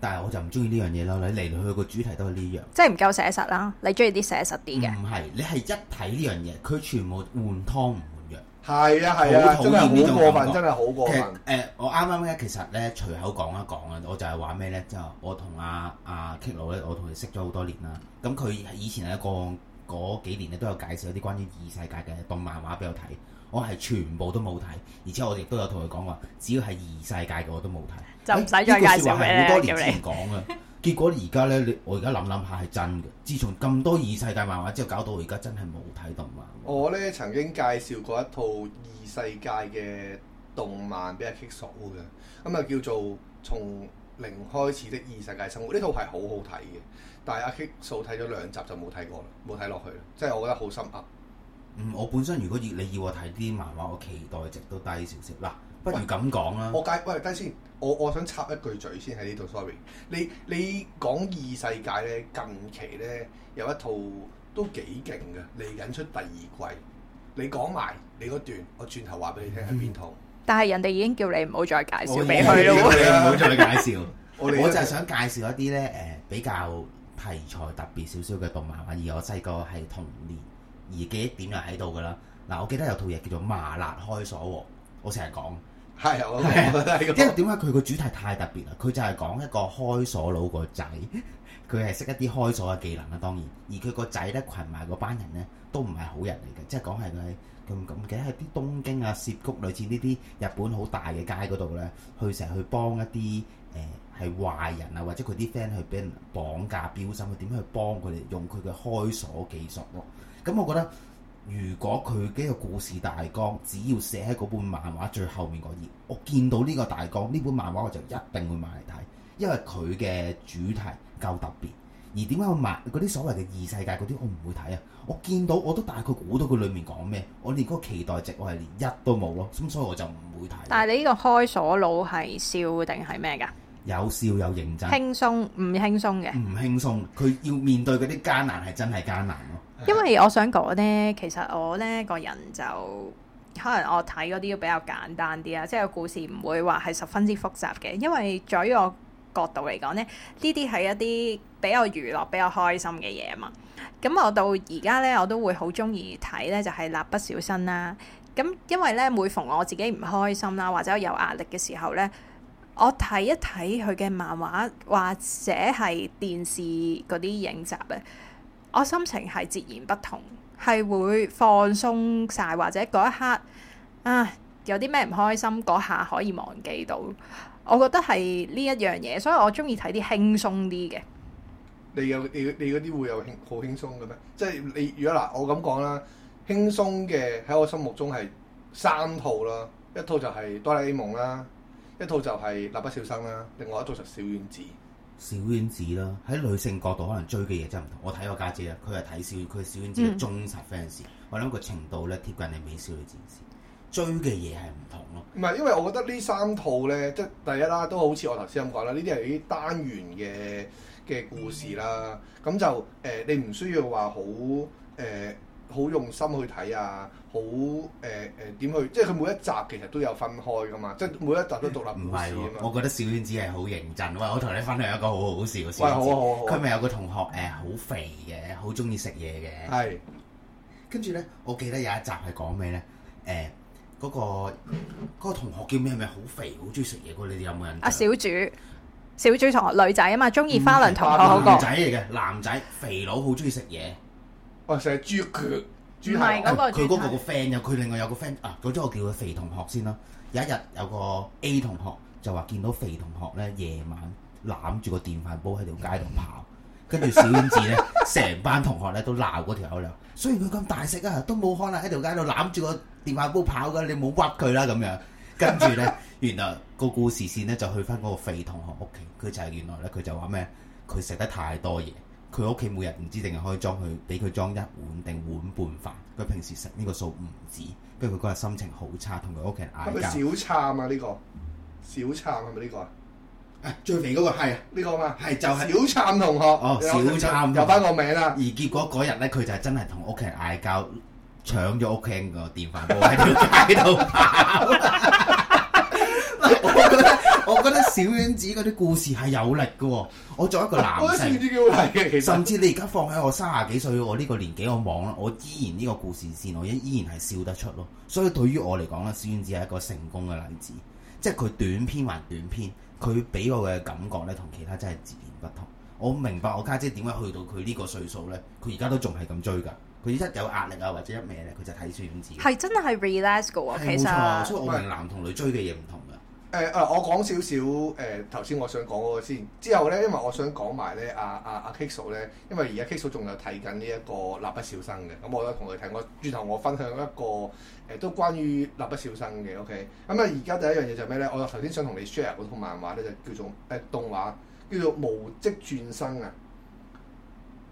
Speaker 1: 但
Speaker 3: 係我就唔中意呢樣嘢啦，你嚟嚟去去個主題都係呢樣，
Speaker 2: 即係唔夠寫實啦。你中意啲寫實啲嘅？唔
Speaker 3: 係，你係一睇呢樣嘢，佢全部換湯。
Speaker 1: 係啊係啊，啊真係好
Speaker 3: 過分，真係好過分。其實、呃、我啱啱咧，其實咧隨口講一講啊，我就係話咩咧，就我同阿阿 Kilo 咧，我同佢、啊啊、識咗好多年啦。咁佢以前喺一個嗰幾年咧，都有介紹一啲關於異世界嘅動漫畫俾我睇，我係全部都冇睇，而且我亦都有同佢講話，只要係異世界嘅我都冇睇，
Speaker 2: 就唔使再介紹咩係好多年前
Speaker 3: 講嘅。 (laughs) 結果而家咧，你我而家諗諗下係真嘅。自從咁多異世界漫畫之後，搞到我而家真係冇睇動漫。
Speaker 1: 我咧曾經介紹過一套異世界嘅動漫俾阿 Kisso 嘅，咁、嗯、啊叫做《從零開始的異世界生活》呢套係好好睇嘅，但係阿 Kisso 睇咗兩集就冇睇過啦，冇睇落去啦，即係我覺得好深刻。嗯，
Speaker 3: 我本身如果要你要我睇啲漫畫，我期待值都低少
Speaker 1: 少嗱。不如咁講啦。我介喂，等先，我我想插一句嘴先喺呢度，Sorry 你。你你講異世界咧，近期咧有一套都幾勁嘅，嚟引出第二季。你講埋你嗰段，我轉頭話俾你聽喺邊套。嗯、
Speaker 2: 但係人哋已經叫你唔好再介紹俾佢咯喎。唔好 (laughs) 再介紹。
Speaker 1: (laughs) 我就係想
Speaker 3: 介紹一啲咧誒比較題材特別少少嘅動漫，而我細個係童年而記憶點樣喺度㗎啦。嗱、啊，我記得有套嘢叫做麻辣開鎖喎，我成日講。係，即係點解佢個主題太特別啦？佢就係講一個開鎖佬個仔，佢係識一啲開鎖嘅技能啦。當然，而佢個仔咧群埋嗰班人咧，都唔係好人嚟嘅。即係講係佢，咁咁嘅喺啲東京啊、涉谷類似呢啲日本好大嘅街嗰度咧，去成日去幫一啲誒係壞人啊，或者佢啲 friend 去俾人綁架、標心，去點樣去幫佢哋用佢嘅開鎖技術咯，啊？咁我覺得。如果佢嘅故事大綱只要寫喺本漫畫最後面嗰頁，我見到呢個大綱、呢本漫畫我就一定會買嚟睇，因為佢嘅主題夠特別。而點解我買嗰啲所謂嘅異世界嗰啲我唔會睇啊？我見到我都大概估到佢裏面講咩，我連嗰個期待值我係連一都冇咯，咁所以我就唔會睇。
Speaker 2: 但係你呢個開鎖佬係笑定係咩噶？
Speaker 3: 有笑有認真，輕
Speaker 2: 鬆唔輕鬆嘅，唔
Speaker 3: 輕鬆。佢要面對嗰啲艱難係真係艱難咯。
Speaker 2: 因為我想講呢，其實我呢個人就可能我睇嗰啲都比較簡單啲啊，即係個故事唔會話係十分之複雜嘅。因為在於我角度嚟講呢，呢啲係一啲比較娛樂、比較開心嘅嘢啊嘛。咁我到而家呢，我都會好中意睇呢，就係《蠟筆小新》啦。咁因為呢，每逢我自己唔開心啦，或者我有壓力嘅時候呢。我睇一睇佢嘅漫畫或者係電視嗰啲影集咧,我心情係截然不同，係會放鬆晒，或者嗰一刻啊有啲咩唔開心嗰下可以忘記到。我覺得係呢一樣嘢，所以我中意睇啲輕鬆啲嘅。
Speaker 1: 你有你你嗰啲會有輕好輕鬆嘅咩？即係你如果嗱，我咁講啦，輕鬆嘅喺我心目中係三套啦，一套就係哆啦 A 夢啦。一套就係蠟筆小新」啦，另外一套就小丸子，
Speaker 3: 小丸子啦。喺女性角度可能追嘅嘢真係唔同。我睇我家姐啊，佢係睇小佢小丸子嘅忠實 fans。嗯、我諗個程度咧，貼近你美少女戰士追嘅嘢係唔同
Speaker 1: 咯。唔係、嗯，因為我覺得呢三套咧，即係第一啦，都好似我頭先咁講啦。呢啲係啲單元嘅嘅故事啦，咁、嗯、就誒、呃，你唔需要話好誒。呃好用心去睇啊！好誒誒點去？即係佢每一集其實都有分開噶嘛，即係每一集都獨立故事嘅嘛，唔係我
Speaker 3: 覺得小丸子係好認真。喂，我同你分享一個好，好好笑嘅事。喂，好啊好啊。佢咪有個同學誒，好、欸、肥嘅，好中意食嘢嘅。
Speaker 1: 係。
Speaker 2: 跟住咧，
Speaker 3: 我記得有一集係講咩咧？誒、欸，嗰個嗰個同學叫咩名？好肥，好中意食嘢嗰個，你哋有冇人？阿
Speaker 2: 小主，小主同學女仔啊嘛，中意花輪同學嗰個。女仔嚟嘅，
Speaker 3: 男仔肥佬，好中意食嘢。我成日豬腳豬排，嗰佢嗰個個 friend 又佢另外有個 friend 啊！咗我叫佢肥同學先啦。有一日有個 A 同學就話見到肥同學咧，夜晚攬住個電飯煲喺條街度跑，跟住小丸子咧成班同學咧都鬧嗰條友娘。雖然佢咁大食啊，都冇可能喺條街度攬住個電飯煲跑噶，你冇屈佢啦咁樣。跟住咧，原來個故事線咧就去翻嗰個肥同學屋企。佢就係原來咧，佢就話咩？佢食得太多嘢。佢屋企每日唔知定係可以裝佢，俾佢裝一碗定碗半飯。佢平時食呢個數唔止，跟住佢嗰日心情好差，同佢屋企人嗌交、啊呢個。小
Speaker 1: 慘啊、呢個？呢個小慘係咪呢個啊？最肥嗰、嗰個係啊，呢肥、呢個啊嘛，係就係、係、小慘同學。
Speaker 3: 哦，小慘有翻個名啦。而結果嗰日咧，佢就係真係同屋企人嗌交，搶咗屋企人個電飯煲喺條街度跑。 (laughs) 我覺得小丸子嗰啲故事係有力嘅喎、哦，我作為一個男性， (laughs) 甚至你而家放喺我三十幾歲，我呢個年紀，我望啦，我依然呢個故事線，我依然係笑得出咯。所以對於我嚟講咧，小丸子係一個成功嘅例子，即係佢短篇還短篇，佢俾我嘅感覺咧，同其他真係截然不同。我明白我家姐點解去到佢呢個歲數咧，佢而家都仲係咁追㗎。佢一
Speaker 1: 有壓力啊，或者一咩咧，佢就睇小丸子。係
Speaker 2: (laughs) (laughs) 真係 relax 嘅喎，其實， (laughs) 我明男
Speaker 1: 同女追嘅嘢唔同。誒誒、嗯，我講少少誒，頭、呃、先我想講嗰個先。之後咧，因為我想講埋咧，阿、啊、阿阿、啊啊、Kiso 咧，因為而家 Kiso 仲有睇緊呢一個《蠟筆小新》嘅，咁、嗯、我有同佢睇，我轉頭我分享一個誒、呃，都關於《蠟筆小新》嘅，OK。咁啊，而家第一樣嘢就咩咧？我頭先想同你 share 嗰套漫畫咧，就叫做誒、呃、動畫，叫做《無職轉生》啊。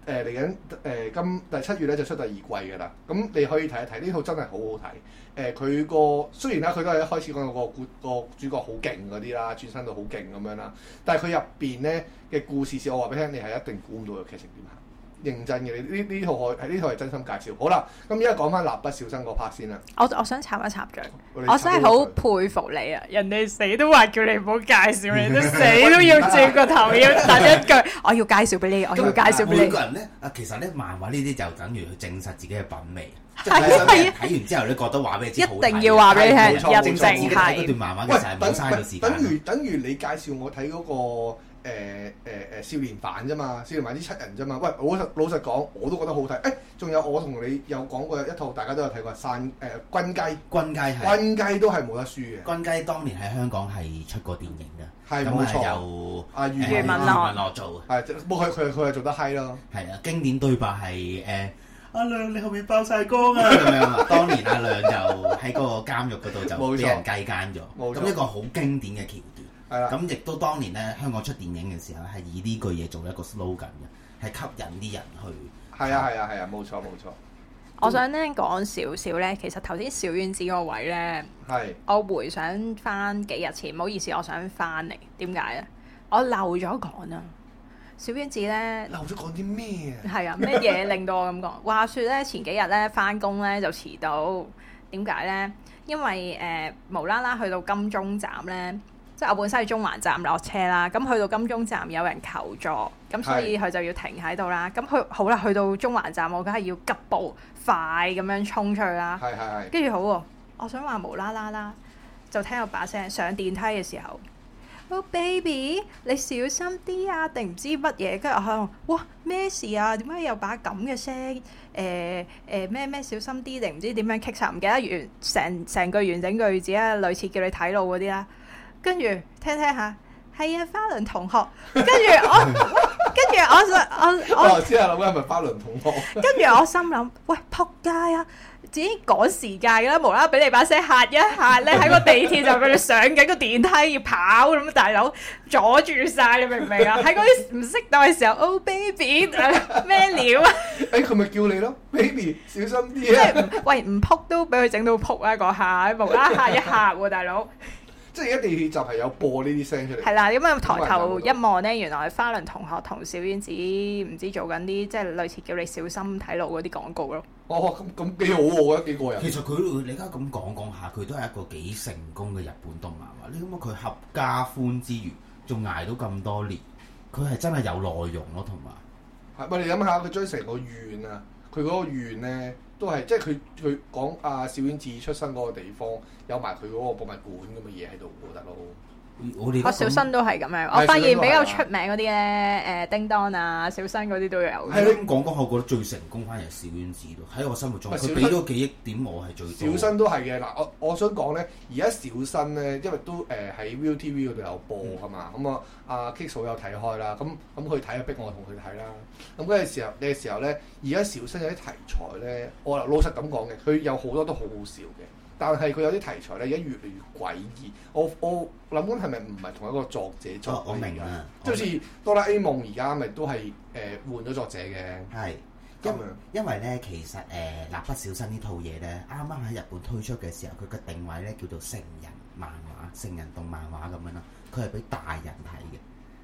Speaker 1: 誒嚟緊誒今第七月咧，就出第二季㗎喇。咁、嗯、你可以睇一睇，呢套真係好好睇。誒，佢個、呃、雖然啦，佢都係一開始講到、個故個主角好勁啲啦，轉身到好勁咁樣啦，但係佢入邊咧嘅故事，是我話俾你聽，你係一定估唔到嘅劇情點行。認真嘅，呢呢套我係呢套係真心介紹。好啦，咁依家講翻《蠟筆小新》個 part 先啦。
Speaker 2: 我我想插一插嘴，
Speaker 1: 我真係好
Speaker 2: 佩服你啊！人哋死都話叫你唔好介紹，你都死都要轉個頭要答一句，我要介紹俾你，我要介紹俾你。咁每個人咧，
Speaker 3: 啊其實咧，漫畫呢啲就等於去證實自己嘅品味，即係睇完之後你覺得話俾你知，一定要話俾你聽，認證係。哇！等等，等
Speaker 1: 於等於你介紹我睇嗰個。誒誒誒，少年犯啫嘛，少年犯啲七人啫嘛，喂，我老實講，我都覺得好睇。誒，仲有我同你有講過一套，大家都有睇過《山》。誒《軍雞》，軍雞係，軍雞都係冇得輸嘅。軍
Speaker 3: 雞當年喺香港係出過電影㗎，
Speaker 1: 係冇錯。由
Speaker 3: 阿余文樂
Speaker 1: 做，係冇，佢佢佢係做得嗨咯。係啊，
Speaker 3: 經典對白係誒，
Speaker 1: 阿亮你
Speaker 3: 後面爆晒光啊！咁當年阿亮就喺個監獄嗰度就俾人雞奸咗，咁一個好經典嘅橋。咁亦都當年咧，香港出電影嘅時候，係以呢句嘢做一個 slogan 嘅，係吸引啲人去。係
Speaker 1: 啊，係啊，係啊，冇錯，冇錯。嗯、
Speaker 2: 我想咧講少少咧，其實頭先小丸子嗰位咧，係是我回想翻幾日前，唔好意思，我想翻嚟，點解咧？我漏咗講,了漏講啊，小丸子咧漏咗講啲咩？係啊，咩嘢令到我咁講？話説咧，前幾日咧，翻工咧就遲到，點解咧？因為誒、呃、無啦啦去到金鐘站咧。即係我本身喺中環站落車啦，咁去到金鐘站有人求助，咁所以佢就要停喺度啦。咁去好啦，去到中環站我梗係要急步快咁樣衝出去啦。係係係。跟 (noise) 住樂好喎，我想話無啦啦啦，就聽到有把聲上電梯嘅時候、oh，baby 你小心啲啊，定唔知乜嘢？跟住我話哇咩事啊？點解有把咁嘅聲？誒誒咩咩小心啲？定唔知點樣棘插？唔記得完成成句完整句，句子啦，類似叫你睇路嗰啲啦。跟住聽聽下，係啊，花輪同學。跟住我，跟住我，想， (laughs) 我我知
Speaker 1: 啊，你係咪花輪同學？
Speaker 2: 跟住我心諗，喂，撲街啊！自己趕時間啦，無啦啦俾你把聲嚇一下，你喺個地鐵就佢上緊個電梯要跑咁，大佬阻住曬，你明唔明啊？喺嗰啲唔識道嘅時候，oh baby，咩料啊？誒、哦，佢咪、欸、叫你咯，baby，小心啲啊！喂，唔撲都俾佢整到撲、那個、啊！嗰下無啦啦嚇一下喎，大佬。
Speaker 1: 即係而家地鐵站係有播呢啲聲出嚟。係啦，咁啊抬頭一
Speaker 2: 望咧，原來花輪同學同小丸子唔知做緊啲即係類似叫你小心睇路嗰啲廣告咯。
Speaker 3: 哦，咁咁幾好喎，我覺得幾過癮。其實佢你而家咁講講下，佢都係一個幾成功嘅日本動漫啊！你諗下佢合家歡之餘，仲捱到咁多年，佢係真係有內容咯，同埋。
Speaker 1: 唔係你諗下，佢將成個怨啊，佢嗰個怨咧。都係即係佢佢講啊，小丸子出生嗰個地方，有埋佢嗰個博物館咁嘅嘢喺度，我覺得咯。我小新都係咁樣，是我發現比較出
Speaker 2: 名嗰啲咧，誒、啊呃、叮當啊、小新嗰啲都有。香
Speaker 3: 港歌我覺得最成功反而係小丸子，喺我心目中佢俾咗記憶點我係最多。小
Speaker 1: 新都係嘅，嗱我我想講咧，而家小新咧，因為都誒喺、呃、Viu TV 嗰度有播、嗯、啊嘛，咁啊阿 k 有睇開啦，咁咁佢睇下逼我同佢睇啦。咁嗰陣時候嘅、那個、時候咧，而家小新有啲題材咧，我老實咁講嘅，佢有好多都好好笑嘅。但係佢有啲題材咧，而家越嚟越詭異。我我諗緊係咪唔係同一個作者作嘅？哦，我明啦，即係好似哆啦 A 夢而家咪都係誒換咗作者嘅。係，因為樣因為咧，其實誒
Speaker 3: 呃《蠟筆小新》呢套嘢咧，啱啱喺日本推出嘅時候，佢嘅定位咧叫做成人漫畫、成人動漫畫咁樣啦，佢係俾大人睇嘅。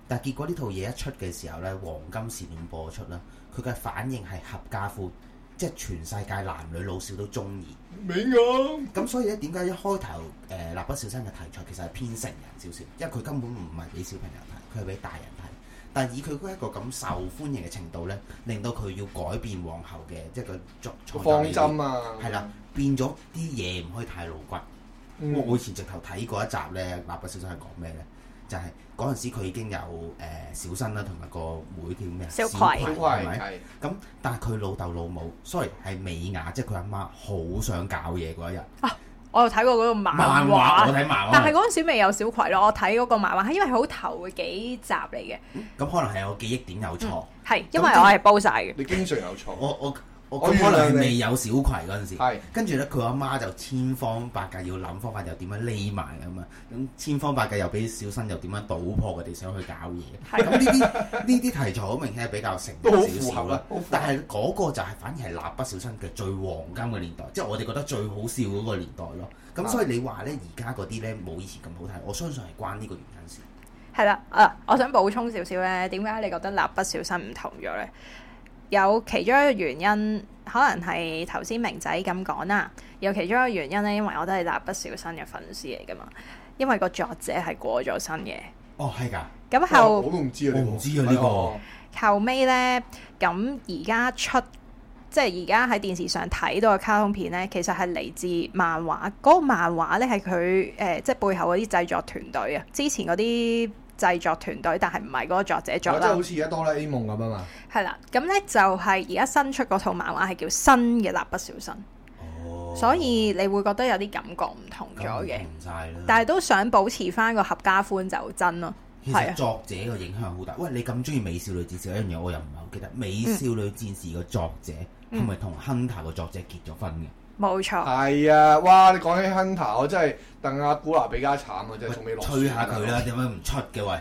Speaker 3: 但係結果呢套嘢一出嘅時候咧，黃金時段播出啦，佢嘅反應係合家歡。即係全世界男女老少都中意，明啊！咁所以咧，點解一開頭誒《蠟筆小新》嘅題材其實係偏成人少少，因為佢根本唔係俾小朋友睇，佢係俾大人睇。但係以佢一個咁受歡迎嘅程度咧，令到佢要改變往後嘅即係個作方針。謹慎啊！係啦，變咗啲嘢唔可以太露骨。嗯、我以前直頭睇過一集咧，呢《蠟筆小新》係講咩咧？就係嗰陣時，佢已經有誒、呃、小新啦，同埋個妹叫咩？小葵，小葵係咪？咁的但係佢老豆老母，sorry 係美雅，即係佢阿媽，好想搞嘢嗰一日。啊！
Speaker 2: 我又睇過嗰個漫畫，我睇
Speaker 3: 漫畫，但係嗰陣
Speaker 2: 時未有小葵咯。我睇嗰個漫畫係因為好頭嘅幾集嚟嘅。
Speaker 3: 咁、嗯、可能係我記憶點有錯，係、嗯嗯、
Speaker 2: 因為我係煲
Speaker 3: 晒嘅。那你經常有錯，我我。我我我可能未有小葵嗰陣時，係跟住咧佢阿媽就千方百計要諗方法又，又點樣匿埋咁啊？咁千方百計又俾小新又點樣倒破佢哋想去搞嘢？咁呢啲呢啲題材好明顯係比較成功少少啦。但係嗰個就係反而係《蠟筆小新》嘅最黃金嘅年代，即係我哋覺得最好笑嗰個年代咯。咁所以你話咧，而家嗰啲咧冇以前咁好睇，我相信係關呢個原因先。
Speaker 2: 係啦，啊，我想補充少少咧，點解你覺得《蠟筆小新》唔同咗咧？有其中一個原因，可能係頭先明仔咁講啦。有其中一個原因咧，因為我都係《蠟筆小新》嘅粉絲嚟噶嘛。因為個作者係過咗身嘅。哦，
Speaker 1: 係㗎。咁後我都唔知啦，我唔知啊呢個。
Speaker 2: 後尾咧，咁而家出，即係而家喺電視上睇到嘅卡通片咧，其實係嚟自漫畫。嗰漫畫咧係佢誒，即係背後嗰啲製作團隊啊，之前嗰啲。製作團隊，但係唔係嗰個作者做啦。即好似
Speaker 1: 而家哆啦 A 夢咁啊嘛。
Speaker 2: 係啦，咁呢就係而家新出嗰套漫畫係叫新嘅蠟筆小新。Oh, 所以你會覺得有啲感覺唔同咗嘅。但係都想保持翻個合家歡就真咯。其
Speaker 3: 實作者嘅影響好大。的喂，你咁中意美少女戰士一樣嘢，我又唔係好記得美少女戰士嘅作者係咪同 Hunter 嘅作者結咗婚嘅？嗯嗯
Speaker 1: 冇錯，係啊！哇！你講起 Hunter，我真係鄧阿古娜比較慘啊！真係仲未落。吹
Speaker 3: 下佢啦，點解唔出嘅喂？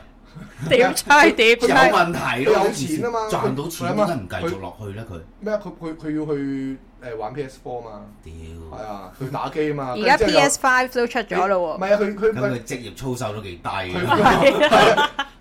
Speaker 1: 跌出碟，出，冇問題咯。有錢啊
Speaker 3: 嘛，賺到錢應該唔繼續落去咧。
Speaker 1: 佢咩啊？佢佢佢要去誒玩 PS Four 嘛？屌，係啊，佢打機啊嘛。而家 PS
Speaker 2: Five 都出咗咯喎。唔係啊，
Speaker 1: 佢佢佢職業操守都幾低。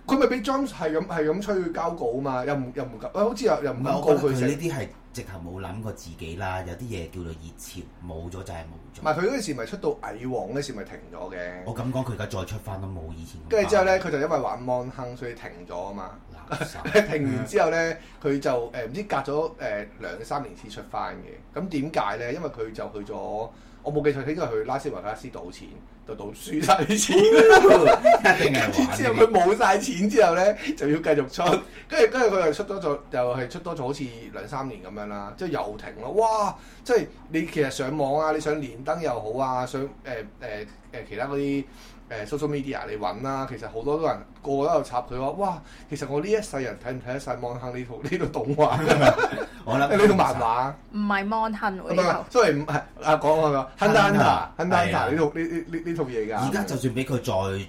Speaker 1: 佢咪俾 Jones 係咁係咁催交稿啊嘛？又唔又唔敢啊！好似又又唔過佢哋。呢啲係。
Speaker 3: 直頭冇諗過自己啦，有啲嘢叫做熱潮，冇咗就係冇
Speaker 1: 咗。唔係佢嗰陣時咪出到蟻王嗰時咪停咗嘅。我咁
Speaker 3: 講，佢而家再出翻都冇以前。跟
Speaker 1: 住之後咧，佢就因為玩 mon 坑，所以停咗啊嘛。 (laughs) 停完之後咧，佢就誒唔、呃、知隔咗誒、呃、兩三年先出翻嘅。咁點解咧？因為佢就去咗，我冇記錯應該去，去拉斯維加斯賭錢。就讀輸晒啲錢，之後佢冇晒錢之後咧，就要繼續出，跟住跟住佢又出多咗，又係出多咗好似兩三年咁樣啦，即係又停咯。哇！即係你其實上網啊，你想連登又好啊，想誒誒誒其他嗰啲誒 social media 嚟揾啦。其實好多都人個個都插佢話，哇！其實我呢一世人睇唔睇得晒 Mon 呢套呢套動畫，呢套漫畫
Speaker 2: 唔係《Mon 亨》嗰啲，
Speaker 1: 所以唔係啊講啊講，亨丹薩亨丹薩呢套呢呢呢呢。而家就
Speaker 3: 算俾佢再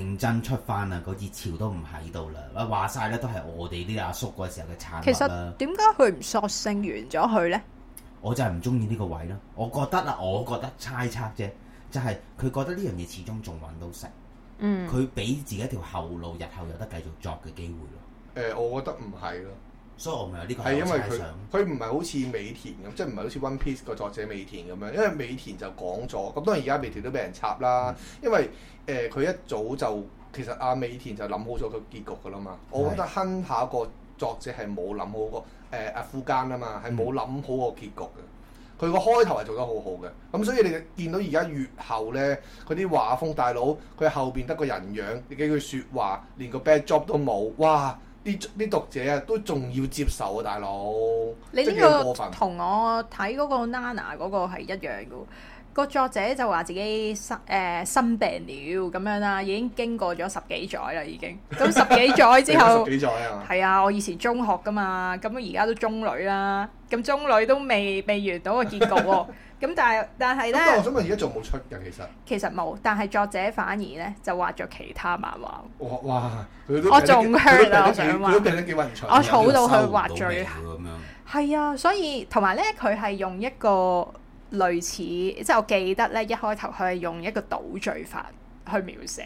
Speaker 3: 認真出翻啊，嗰個熱潮都唔喺度啦。啊話晒咧都係我哋啲阿叔嗰時候嘅產物啦。其實
Speaker 2: 點解佢唔索性完咗佢咧？
Speaker 3: 我就係唔中意呢個位咯。我覺得啊，我覺得猜測啫，就係、是、佢覺得呢樣嘢始終
Speaker 1: 仲揾到食。嗯，佢俾自己一條後路，日後有得繼續作嘅機會咯。誒、呃，我覺得唔係咯。係，呢個係因為佢佢，唔係好似美田咁，即係唔係好似 One Piece 個作者美田咁樣，因為美田就講咗咁，當然而家美田都俾人插啦。嗯、因為誒佢，呃、一早就其實阿，啊、美田就諗好咗個結局噶啦嘛，是我覺得哼下個作者係冇諗好個誒，呃、阿富堅啊嘛，係冇諗好個結局嘅。佢，嗯、個開頭係做得好好嘅，咁所以你見到而家越後咧，嗰啲畫風，大佬，佢後邊得個人樣，你幾句説話，連個 bad job 都冇，哇！啲啲讀者啊，都仲要接受啊，大佬，
Speaker 2: 你呢個同我睇嗰個 Nana 嗰個係一樣嘅喎，個作者就話自己生誒生病了咁樣啦、啊，已經經過咗十幾載啦，已經。咁十幾載之後， (laughs) 十幾載啊嘛。係啊，我以前中學㗎嘛，咁而家都中女啦，咁中女都未未完到個結局喎、啊。 (laughs) 咁但係但係咧，我想問，而家仲冇出嘅其實，其實冇，但係作者反而咧就畫咗其他漫畫。哇
Speaker 1: 哇，我仲香啊！我想話，佢我湊到去畫最，
Speaker 2: 係啊，所以同埋咧，佢係用一個類似，即係我記得咧，一開頭佢係用一個倒敍法去描寫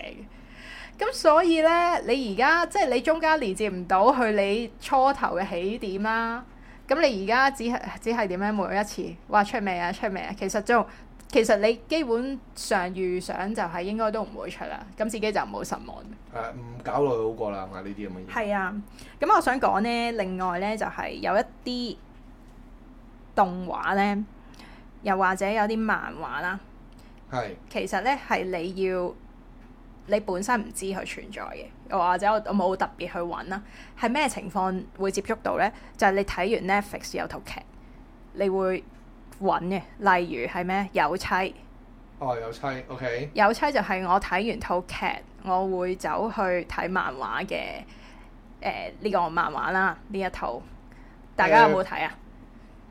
Speaker 2: 嘅。咁所以咧，你而家即係你中間連接唔到去你初頭嘅起點啦、啊。咁你而家只係只係點樣每一次話出名啊，出名啊，其實就，其實你基本上預想就係應該都唔會出啦，咁自己就唔好失望。唔、
Speaker 1: 啊、搞落去好過啦，係呢啲咁嘅
Speaker 2: 嘢，思？係啊，咁我想講呢，另外呢，就係、是、有一啲動畫呢，又或者有啲漫畫啦，係是其實呢，係你要。你本身唔知佢存在嘅，又、哦、或者我冇特別去揾啦。係咩情況會接觸到呢？就係、是、你睇完 Netflix 有套劇，你會揾嘅。例如係咩？有妻。哦
Speaker 1: ，oh, 有妻，OK。
Speaker 2: 有妻就係我睇完套劇，我會走去睇漫畫嘅。誒、呃，呢、這個漫畫啦，呢一套，大家有冇睇啊？Uh,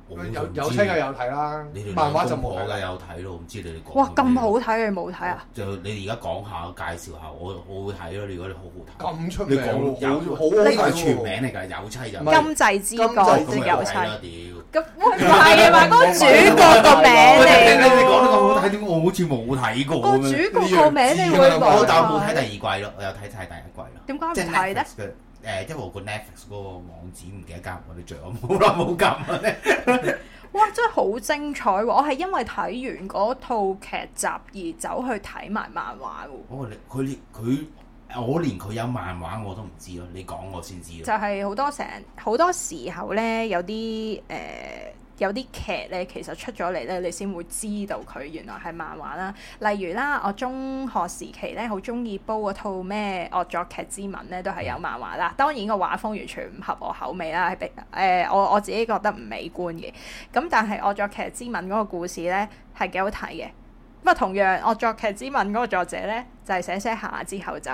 Speaker 3: 有有妻嘅有睇啦，你漫畫就冇我嘅有睇咯，唔知你哋講。哇，
Speaker 2: 咁好睇你冇睇啊？
Speaker 3: 就你哋而家講下介紹下，我我會睇咯。如果你好好睇，咁出名有好呢個係全名嚟噶，有妻就金制之國有妻。
Speaker 2: 屌，咁唔係啊嘛？嗰個主角個名嚟。你你講得咁好睇點？我好似冇睇過個主角個名你都冇睇，我冇睇第二
Speaker 3: 季咯，我有睇晒第一季咯。
Speaker 2: 點解唔睇咧？
Speaker 3: 誒，因為我個 Netflix 嗰個網址唔記得加我，我哋着我冇啦冇撳啊！
Speaker 2: (laughs) 哇，真係好精彩喎！我係因為睇完嗰套劇集而走去睇埋漫畫嘅。哦，
Speaker 3: 你佢佢，我連佢有漫畫我都唔知咯，你講我先知咯。就
Speaker 2: 係好多成好多時候咧，有啲誒。呃有啲劇咧，其實出咗嚟咧，你先會知道佢原來係漫畫啦。例如啦，我中學時期咧，好鍾意煲嗰套咩《惡作劇之吻》咧，都係有漫畫啦。當然個畫風完全唔合我口味啦，係俾誒我我自己覺得唔美觀嘅。咁但係《惡作劇之吻》嗰個故事咧係幾好睇嘅。咁啊，同樣《惡作劇之吻》嗰個作者咧就係、是、寫寫下之後就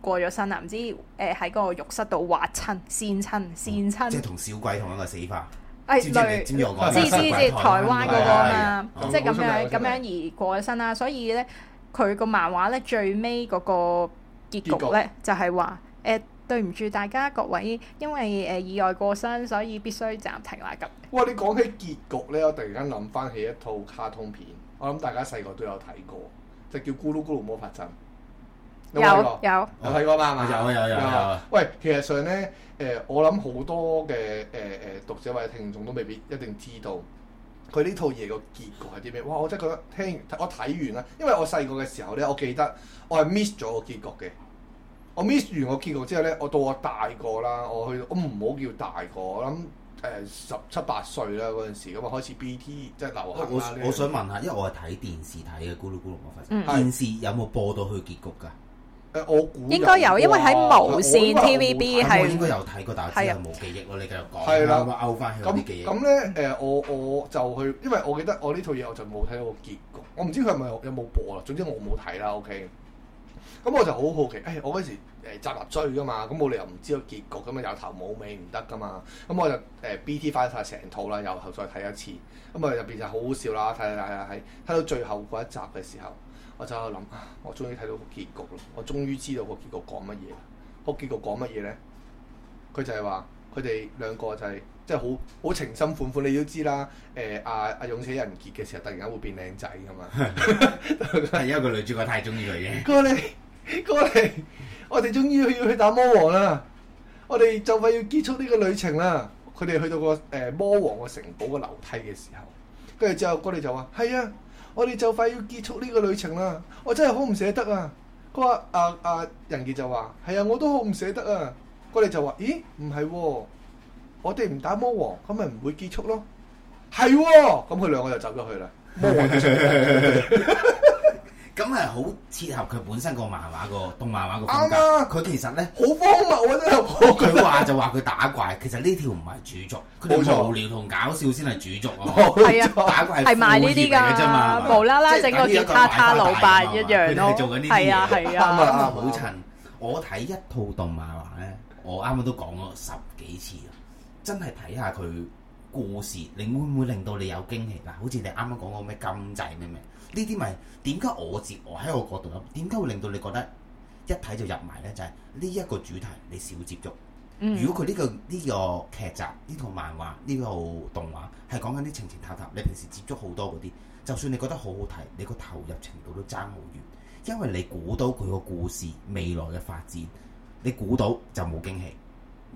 Speaker 2: 過咗身啦，唔知誒喺、呃、個浴室度滑親、跣親、跣親、嗯。即係同
Speaker 3: 小鬼同一個死法。誒，類、哎，知知知，台灣
Speaker 2: 嗰個嘛，啊、知知即係咁樣咁、啊、樣而過咗身啦、啊。啊、所以咧，佢個漫畫咧最尾嗰個結局咧，果就係話誒對唔住大家各位，因為誒意、呃、外過身，所以必須暫停啦咁。
Speaker 1: 哇！你講起結局咧，我突然間諗翻起一套卡通片，我諗大家細個都有睇過，就叫《咕嚕咕嚕魔法陣》。
Speaker 2: 有有，
Speaker 1: 我睇過嘛嘛，有有有有。喂，其實上咧，誒、呃，我諗好多嘅誒誒讀者或者聽眾都未必一定知道佢呢套嘢個結局係啲咩。哇！我真係覺得聽我睇完啦，因為我細個嘅時候咧，我記得我係 miss 咗個結局嘅。我 miss 完個結局之後咧，我到我大個啦，我去，我唔好叫大個，我諗誒十七八歲啦嗰陣時，咁啊開始 BT 即係流行。我想問下，因為我係
Speaker 3: 睇電視睇嘅《咕嚕咕嚕魔術》我，發現 (noise) 電視有冇播到佢結局㗎？
Speaker 1: 誒、我估應該有，因為喺無線 TVB 係，我應該有睇過，但係真係冇記憶咯。的你繼續講啦的、呃，我勾翻起嗰啲記憶。咁咁咧，誒我我就去，因為我記得我呢套嘢我就冇睇到結局，我唔知佢係咪有冇播啦。總之我冇睇啦，OK、嗯。咁我就好好奇，誒、哎、我嗰時誒集集追噶嘛，咁冇理由唔知道結局，咁啊有頭冇尾唔得噶嘛。咁、嗯、我就誒、呃、BT 翻晒成套啦，又再睇一次。咁啊入邊就好好笑啦，睇睇睇睇睇，睇到最後嗰一集嘅時候。我就喺度諗，我終於睇到個結局啦！我終於知道個結局講乜嘢啦。個結局講乜嘢咧？佢就係話，佢哋兩個就係即係好好情深款款，你都知啦。誒、呃、啊啊！勇者人傑嘅時候，突然間會變靚仔㗎嘛。係 (laughs) (laughs) 因為個女主角太中意佢嘅。過嚟，過嚟！我哋終於要去打魔王啦！我哋就快要結束呢個旅程啦！佢哋去到個誒、呃、魔王個城堡個樓梯嘅時候，跟住之後，我哋就話：係啊！我哋就快要結束呢個旅程啦，我真係好唔捨得啊！佢話，阿、啊、阿、啊、仁傑就話，係啊，我都好唔捨得啊！佢哋就話，咦，唔係喎，我哋唔打魔王，咁咪唔會結束咯。係喎，哦，咁佢兩個就走咗去啦。魔王 (laughs) (laughs) 咁係好切合佢
Speaker 3: 本身個漫畫個動漫畫個風格。佢其實咧，
Speaker 1: 好荒謬嘅啫。
Speaker 3: 佢話就話佢打怪，其實呢條唔係主軸。冇錯，無聊同搞笑先係主軸。係啊，打怪係賣呢啲噶啫嘛，無啦啦整個吉他他老闆一樣咯。係啊，係啊。好襯。我睇一套動漫畫咧，我啱啱都講咗十幾次啦，真係睇下佢故事，你會唔會令到你有驚喜嗱？好似你啱啱講個咩禁制咩咩。呢啲咪點解我接我，喺我角度諗，點解會令到你覺得一睇就入埋呢？就係呢一個主題，你少接觸。如果佢呢個呢個劇集、呢套漫畫、呢套動畫係講緊啲情情塔塔，你平時接觸好多嗰啲，就算你覺得好好睇，你個投入程度都爭好遠，因為你估到佢個故事未來嘅發展，你估到就冇驚喜。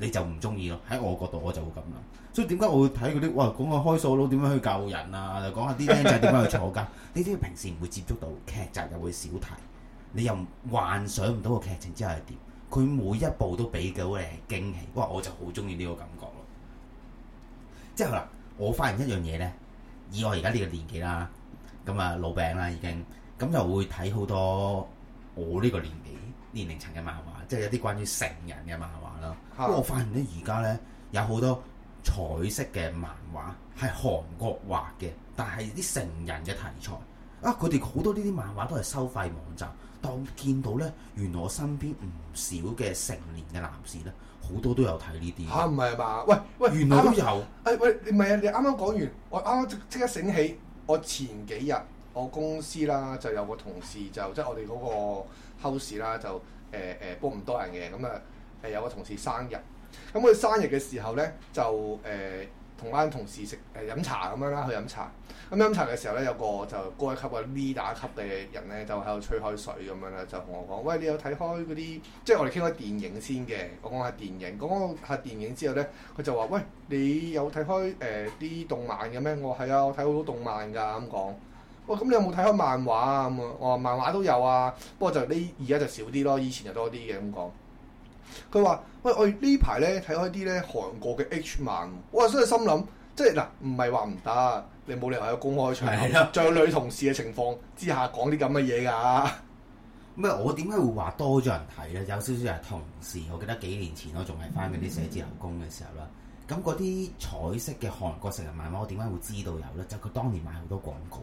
Speaker 3: 你就唔中意咯，喺我角度我就會咁啦。所以點解我會睇嗰啲哇，講下開鎖佬點樣去救人啊，又講下啲靚仔點樣去坐監？你啲 (laughs) 平時唔會接觸到劇集，又會少睇，你又幻想唔到個劇情之後係點。佢每一部都俾到你係驚喜，哇！我就好中意呢個感覺咯。即係啦，我發現一樣嘢呢，以我而家呢個年紀啦，咁、嗯、啊老餅啦已經，咁、嗯、就會睇好多我呢個年紀年齡層嘅漫畫，即係有啲關於成人嘅漫畫。不過我發現咧，而家咧有好多彩色嘅漫畫係韓國畫嘅，但係啲成人嘅題材啊，佢哋好多呢啲漫畫都係收費網站。當見到咧，原來我身邊唔少嘅成年嘅男士咧，好多都有睇呢啲。
Speaker 1: 啊，唔係啊嘛？喂喂，原來都剛有。誒喂，你唔係啊！你啱啱講完，我啱啱即即刻醒起，我前幾日我公司啦就有個同事就即係我哋嗰個 house 啦，就誒誒幫唔多人嘅咁啊。誒有個同事生日，咁佢生日嘅時候咧，就誒同、呃、班同事食誒飲茶咁樣啦，去飲茶。咁、嗯、飲茶嘅時候咧，有個就高一級啊，leader 級嘅人咧，就喺度吹開水咁樣啦，就同我講：喂，你有睇開嗰啲？即係我哋傾開電影先嘅，我講下電影。講講下電影之後咧，佢就話：喂，你有睇開誒啲、呃、動漫嘅咩？我話：係啊，我睇好多動漫㗎。咁講。喂，咁、嗯嗯嗯、你有冇睇開漫畫啊？咁我話漫畫都有啊，不過就呢而家就少啲咯，以前就多啲嘅咁講。佢話：喂，我呢排咧睇開啲咧韓國嘅 H 漫，man，所以我真係心諗，即係嗱，唔係話唔得，你冇理由喺公開場合，仲有的女同事嘅情況之下講啲咁嘅嘢噶。咩？
Speaker 3: 我點解會話多咗人睇咧？有少少係同事，我記得幾年前我仲係返嗰啲寫字樓工嘅時候啦。咁嗰啲彩色嘅韓國成人漫畫，我點解會知道有咧？就佢、是、當年買好多廣告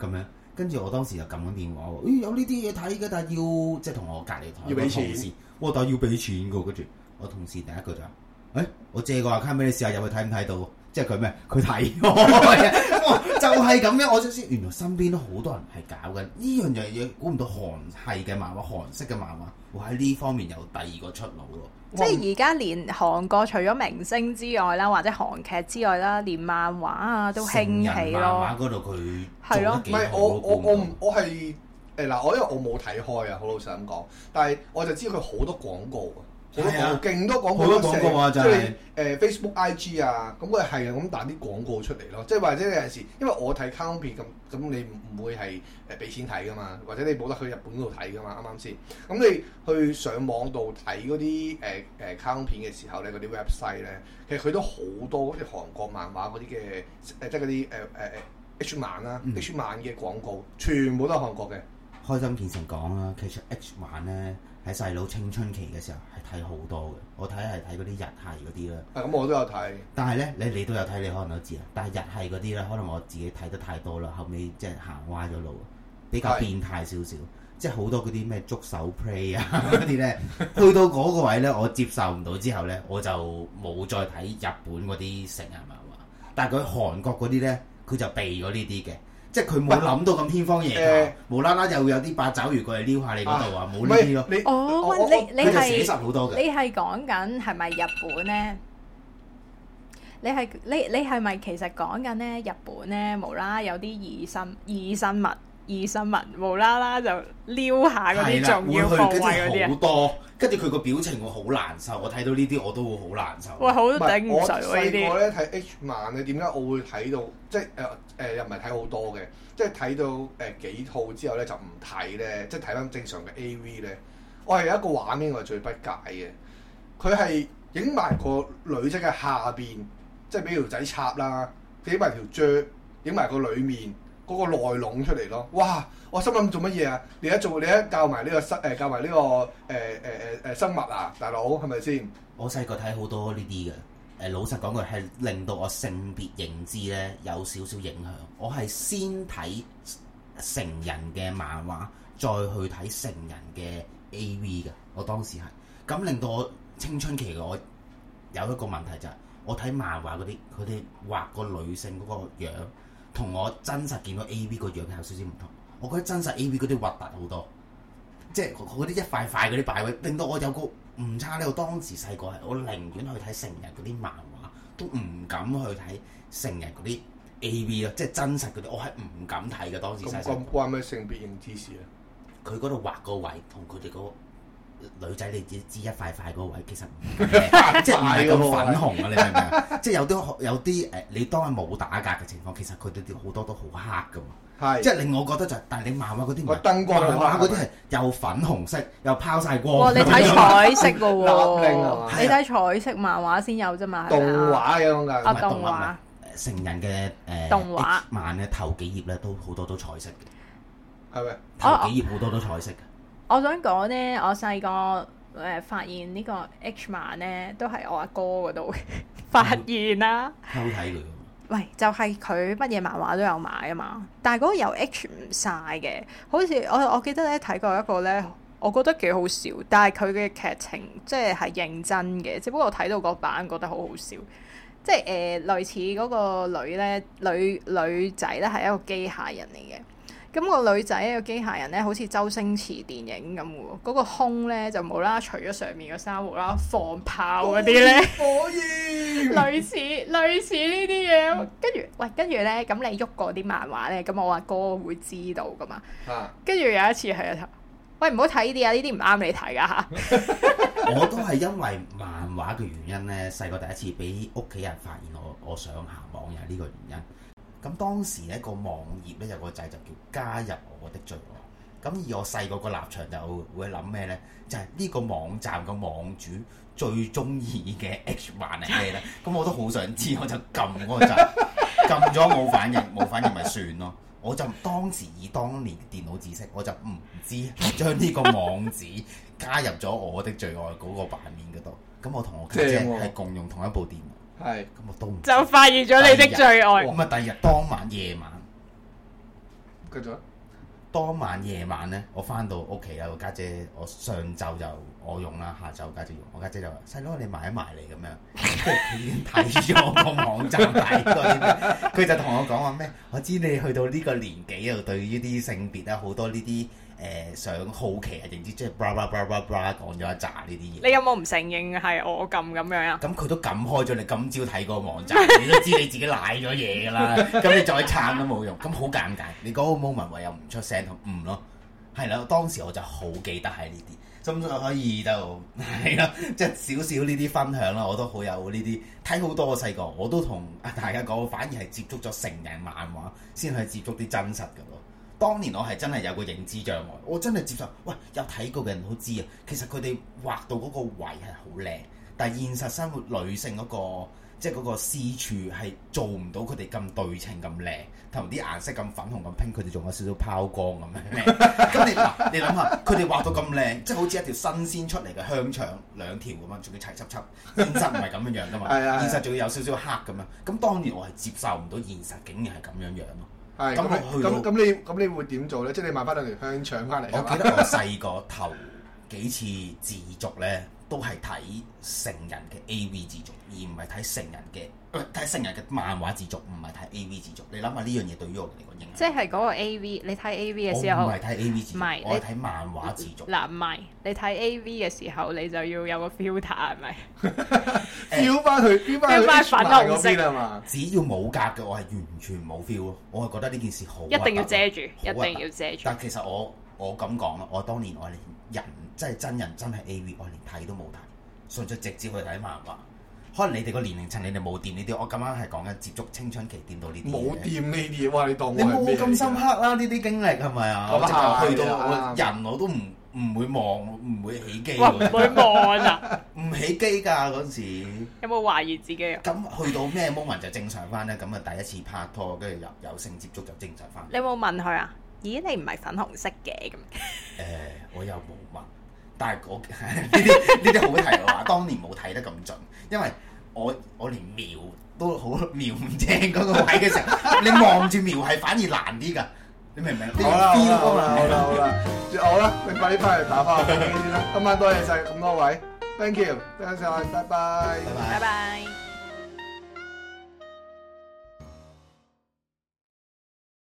Speaker 3: 咁樣，跟住我當時就撳緊電話喎。咦、哎，有呢啲嘢睇嘅，但係要即係同我隔離台要俾女同事。但我都要俾錢噶。跟住我同事第一句就話、欸：，我借個 account 俾你試下入去睇唔睇到？即係佢咩？佢睇、 (laughs) 哦，就係、是、咁樣。我先知，原來身邊都好多人係搞緊呢樣嘢嘢，估唔到韓系嘅漫畫、韓式嘅漫畫會喺呢方面有第二個出路咯。即係而
Speaker 2: 家連韓國除咗明星之外啦，或者韓劇之外啦，連漫畫啊都興起咯。漫畫
Speaker 1: 嗰度佢係咯，唔係的我我我唔我係。我我誒嗱，我因為我冇睇開啊，好老實咁講，但係我就知佢好多廣告喎，好多勁多廣告，好多廣告喎、啊、就係誒、就是呃、Facebook、IG 啊，咁佢係咁彈啲廣告出嚟咯。即係或者有陣時，因為我睇卡通片咁，咁你唔唔會係誒俾錢睇㗎嘛？或者你冇得去日本度睇㗎嘛？啱啱先，咁、嗯、你去上網度睇嗰啲誒誒卡通片嘅時候咧，嗰啲 website 咧，其實佢都好多嗰啲韓國漫畫嗰啲嘅誒，即係嗰啲誒誒誒 H 漫啦、H 漫嘅、啊嗯、廣告，全部都係韓國嘅。
Speaker 3: 開心片成講啦，其實 h 晚咧喺細佬青春期嘅時候係睇好多嘅，我睇係睇嗰啲日系嗰啲啦。
Speaker 1: 咁、嗯、我都有睇，
Speaker 3: 但係咧，你你都有睇，你可能都知啦。但係日系嗰啲咧，可能我自己睇得太多啦，後尾即係行歪咗路，比較變態少少，是即係好多嗰啲咩觸手 play 啊嗰啲咧，呢 (laughs) 去到嗰個位咧，我接受唔到之後咧，我就冇再睇日本嗰啲成人漫畫嘛， (laughs) 但係佢韓國嗰啲咧，佢就避咗呢啲嘅。即係佢冇諗到咁天方夜，欸、無啦啦又有啲八爪魚過嚟撩下你嗰度啊！冇呢啲咯。哦，你、
Speaker 2: oh, 我你係我你係講緊係咪日本咧？你係你你係咪其實講緊咧日本咧無啦有啲異生異生物？二十萬無啦啦就撩下嗰啲重要部位嗰啲好
Speaker 3: 多，跟住佢個表情我好難受，我睇到呢啲我都會好難受。
Speaker 2: 喂！好頂唔順嗰啲。我
Speaker 1: 細個咧睇 H 漫咧，點解我會睇到即係誒誒又唔係睇好多嘅？即係睇、呃呃、到誒、呃、幾套之後咧就唔睇咧，即係睇翻正常嘅 AV 咧。我係有一個畫面我係最不解嘅，佢係影埋個女仔嘅下邊，即係俾條仔插啦，佢影埋條雀，影埋個裡面。嗰個內籠出嚟咯！哇！我心諗做乜嘢啊？你一做你一教埋呢個生誒教埋呢個誒誒誒誒生物啊，大佬係咪先？是是
Speaker 3: 我細個睇好多呢啲嘅，誒老實講句係令到我性別認知咧有少少影響。我係先睇成人嘅漫畫，再去睇成人嘅 A V 嘅。我當時係咁令到我青春期我有一個問題就係、是、我睇漫畫嗰啲佢哋畫個女性嗰個樣。同我真實見到 A.V. 個樣有少少唔同，我覺得真實 A.V. 嗰啲核突好多，即係嗰啲一塊塊嗰啲擺位，令到我有個誤差呢，我當時細個係，我寧願去睇成人嗰啲漫畫，都唔敢去睇成人嗰啲 A.V. 啦，即係真實嗰啲，我係唔敢睇嘅。當時細個。咁
Speaker 1: 關咩性別認知事啊？
Speaker 3: 佢嗰度畫個位同佢哋嗰個。女仔你只知一塊塊嗰位，其實即係唔係咁粉紅啊！你明唔明？即係有啲有啲誒，你當係冇打格嘅情況，其實佢哋好多都好黑噶嘛。即係令我覺得就係，但係你漫畫嗰啲漫畫嗰啲係又粉紅色又拋晒光。你睇彩
Speaker 2: 色嘅喎，你睇彩色漫畫先有啫嘛？動
Speaker 3: 畫咁樣㗎，唔係動畫。成人嘅誒動畫漫嘅頭幾頁咧，都好多都彩色嘅。係咪頭幾頁好多都彩色？
Speaker 2: 我想講呢，我細個誒發現呢個 H 漫呢，都係我阿哥嗰度 (laughs) 發現啦、啊。好睇佢。喂，就係佢乜嘢漫畫都有買啊嘛！但係嗰個又 H 唔晒嘅，好似我我記得咧睇過一個呢，我覺得幾好笑，但係佢嘅劇情即係係認真嘅，只不過我睇到個版覺得好好笑。即係誒、呃，類似嗰個女呢，女女仔呢係一個機械人嚟嘅。.咁個女仔個機械人呢，好似周星馳電影咁喎。嗰、嗰個胸呢，就冇啦，除咗上面個珊瑚啦，放炮嗰啲呢，類似類似呢啲嘢。嗯、跟住，喂，跟住呢，咁你喐過啲漫畫呢？咁我阿哥，哥會知道噶嘛？啊、跟住有一次喺啊，喂，唔好睇呢啲啊，呢啲唔啱你睇噶嚇。
Speaker 3: (laughs) (laughs) 我都係因為漫畫嘅原因呢，細個第一次俾屋企人發現我我上下網，又係呢個原因。咁當時一、呢個網頁咧，有個掣就叫加入我的最愛，咁而我細個個立場就會諗咩呢？就係、是、呢個網站個網主最中意嘅 H 環係咩呢？」咁我都好想知，我就撳嗰個掣，撳咗冇反應，冇反應咪算咯。我就當時以當年電腦知識，我就唔知將呢個網址加入咗我的最愛嗰個版面嗰度。咁我同我姐姐係共用同一部電。係，咁啊都唔就發現咗你的最愛。咁啊，第二日當晚夜晚，繼續。當晚夜晚咧、嗯，我翻到屋企啦，我家姐，我上晝就我用啦，下晝家姐用，我家姐就話：細佬你埋一埋嚟咁樣。佢已經睇咗我個網站睇，佢就同我講話咩？我知你去到呢個年紀啊，對呢啲性別啊好多呢啲。誒、呃、想好奇啊，定之即係 bla bla bla bla bla 講咗一扎呢啲嘢。
Speaker 2: 你有冇唔承認係我咁咁樣啊？咁
Speaker 3: 佢都撳開咗你，今朝睇個網站， (laughs) 你都知你自己賴咗嘢噶啦。咁 (laughs) 你再撐都冇用。咁好尷尬。你嗰個 moment 又唔出聲，同唔咯？係啦，當時我就好記得係呢啲，可唔可以就係啦？即係少少呢啲分享啦，我都好有呢啲。睇好多個細個，我都同大家講，反而係接觸咗成人漫畫，先去接觸啲真實噶咯。當年我係真係有個認知障礙，我真係接受。喂，有睇過嘅人都知啊，其實佢哋畫到嗰個位係好靚，但係現實生活女性嗰個，即係嗰個私處係做唔到佢哋咁對稱咁靚，同埋啲顏色咁粉紅咁拼，佢哋仲有少少拋光咁樣。咁 (laughs) 你唔，你諗下，佢哋畫到咁靚，即係好似一條新鮮出嚟嘅香腸兩條咁樣，仲要齊濕濕，現實唔係咁樣樣㗎嘛。 (laughs) 現實仲要有少少黑咁樣。咁當年我係接受唔到現實，竟然係咁樣樣咯。係，咁、嗯、你咁咁
Speaker 1: 你咁你會點做咧？即係你買翻兩條香腸搶翻嚟。我記得我細
Speaker 3: 個頭幾次自作咧。 (laughs) 都係睇成人嘅 A V 製作，而唔係睇成人嘅睇、呃、成人嘅漫畫製作，唔係睇 A V 製作。你諗下呢樣嘢對於我嚟講，
Speaker 2: 即係嗰個 A V，你睇 A V 嘅時候，我唔係睇 A V，唔係不我係睇漫畫製作。嗱，唔係你睇、啊、A V 嘅時候，你就要有個 filter 係咪？燒翻
Speaker 3: 佢，燒翻去，反紅色啊嘛！只要冇格嘅，我係完全冇 feel 咯，我係覺得呢件事好，一定要遮
Speaker 2: 住，一定要遮住。但
Speaker 3: 其實我。我咁講啊！我當年我連人真係真人真係 AV，我連睇都冇睇，純粹直接去睇漫畫。可能你哋個年齡層，你哋冇掂呢啲。我咁啱係講緊接觸青春期掂到呢啲。冇掂呢啲哇！你冇咁深刻啦、啊，呢啲、啊、經歷係咪啊？咁啊、嗯、去到我人我都唔唔會望，唔會起機，唔會望啊，唔 (laughs) 起機㗎嗰時。
Speaker 2: 有冇懷疑自己？咁去
Speaker 3: 到咩 moment 就正常翻咧？咁啊第一次拍拖，跟住有有性接觸就正常翻。
Speaker 2: 你有冇問佢啊？咦，你唔係粉紅色嘅咁？
Speaker 3: 誒、 (laughs) 呃，我又冇問，但係嗰呢啲呢啲好睇喎。 (laughs) 當年冇睇得咁準，因為我我連瞄都好瞄唔正嗰個位嘅時候， (laughs) 你望住瞄係反
Speaker 1: 而難啲㗎。你明唔明？好啦，好啦，好啦，好啦，你快啲返去打翻我手機啦。 (laughs) 今晚多謝晒咁多位，thank you，多謝曬，拜拜，拜拜。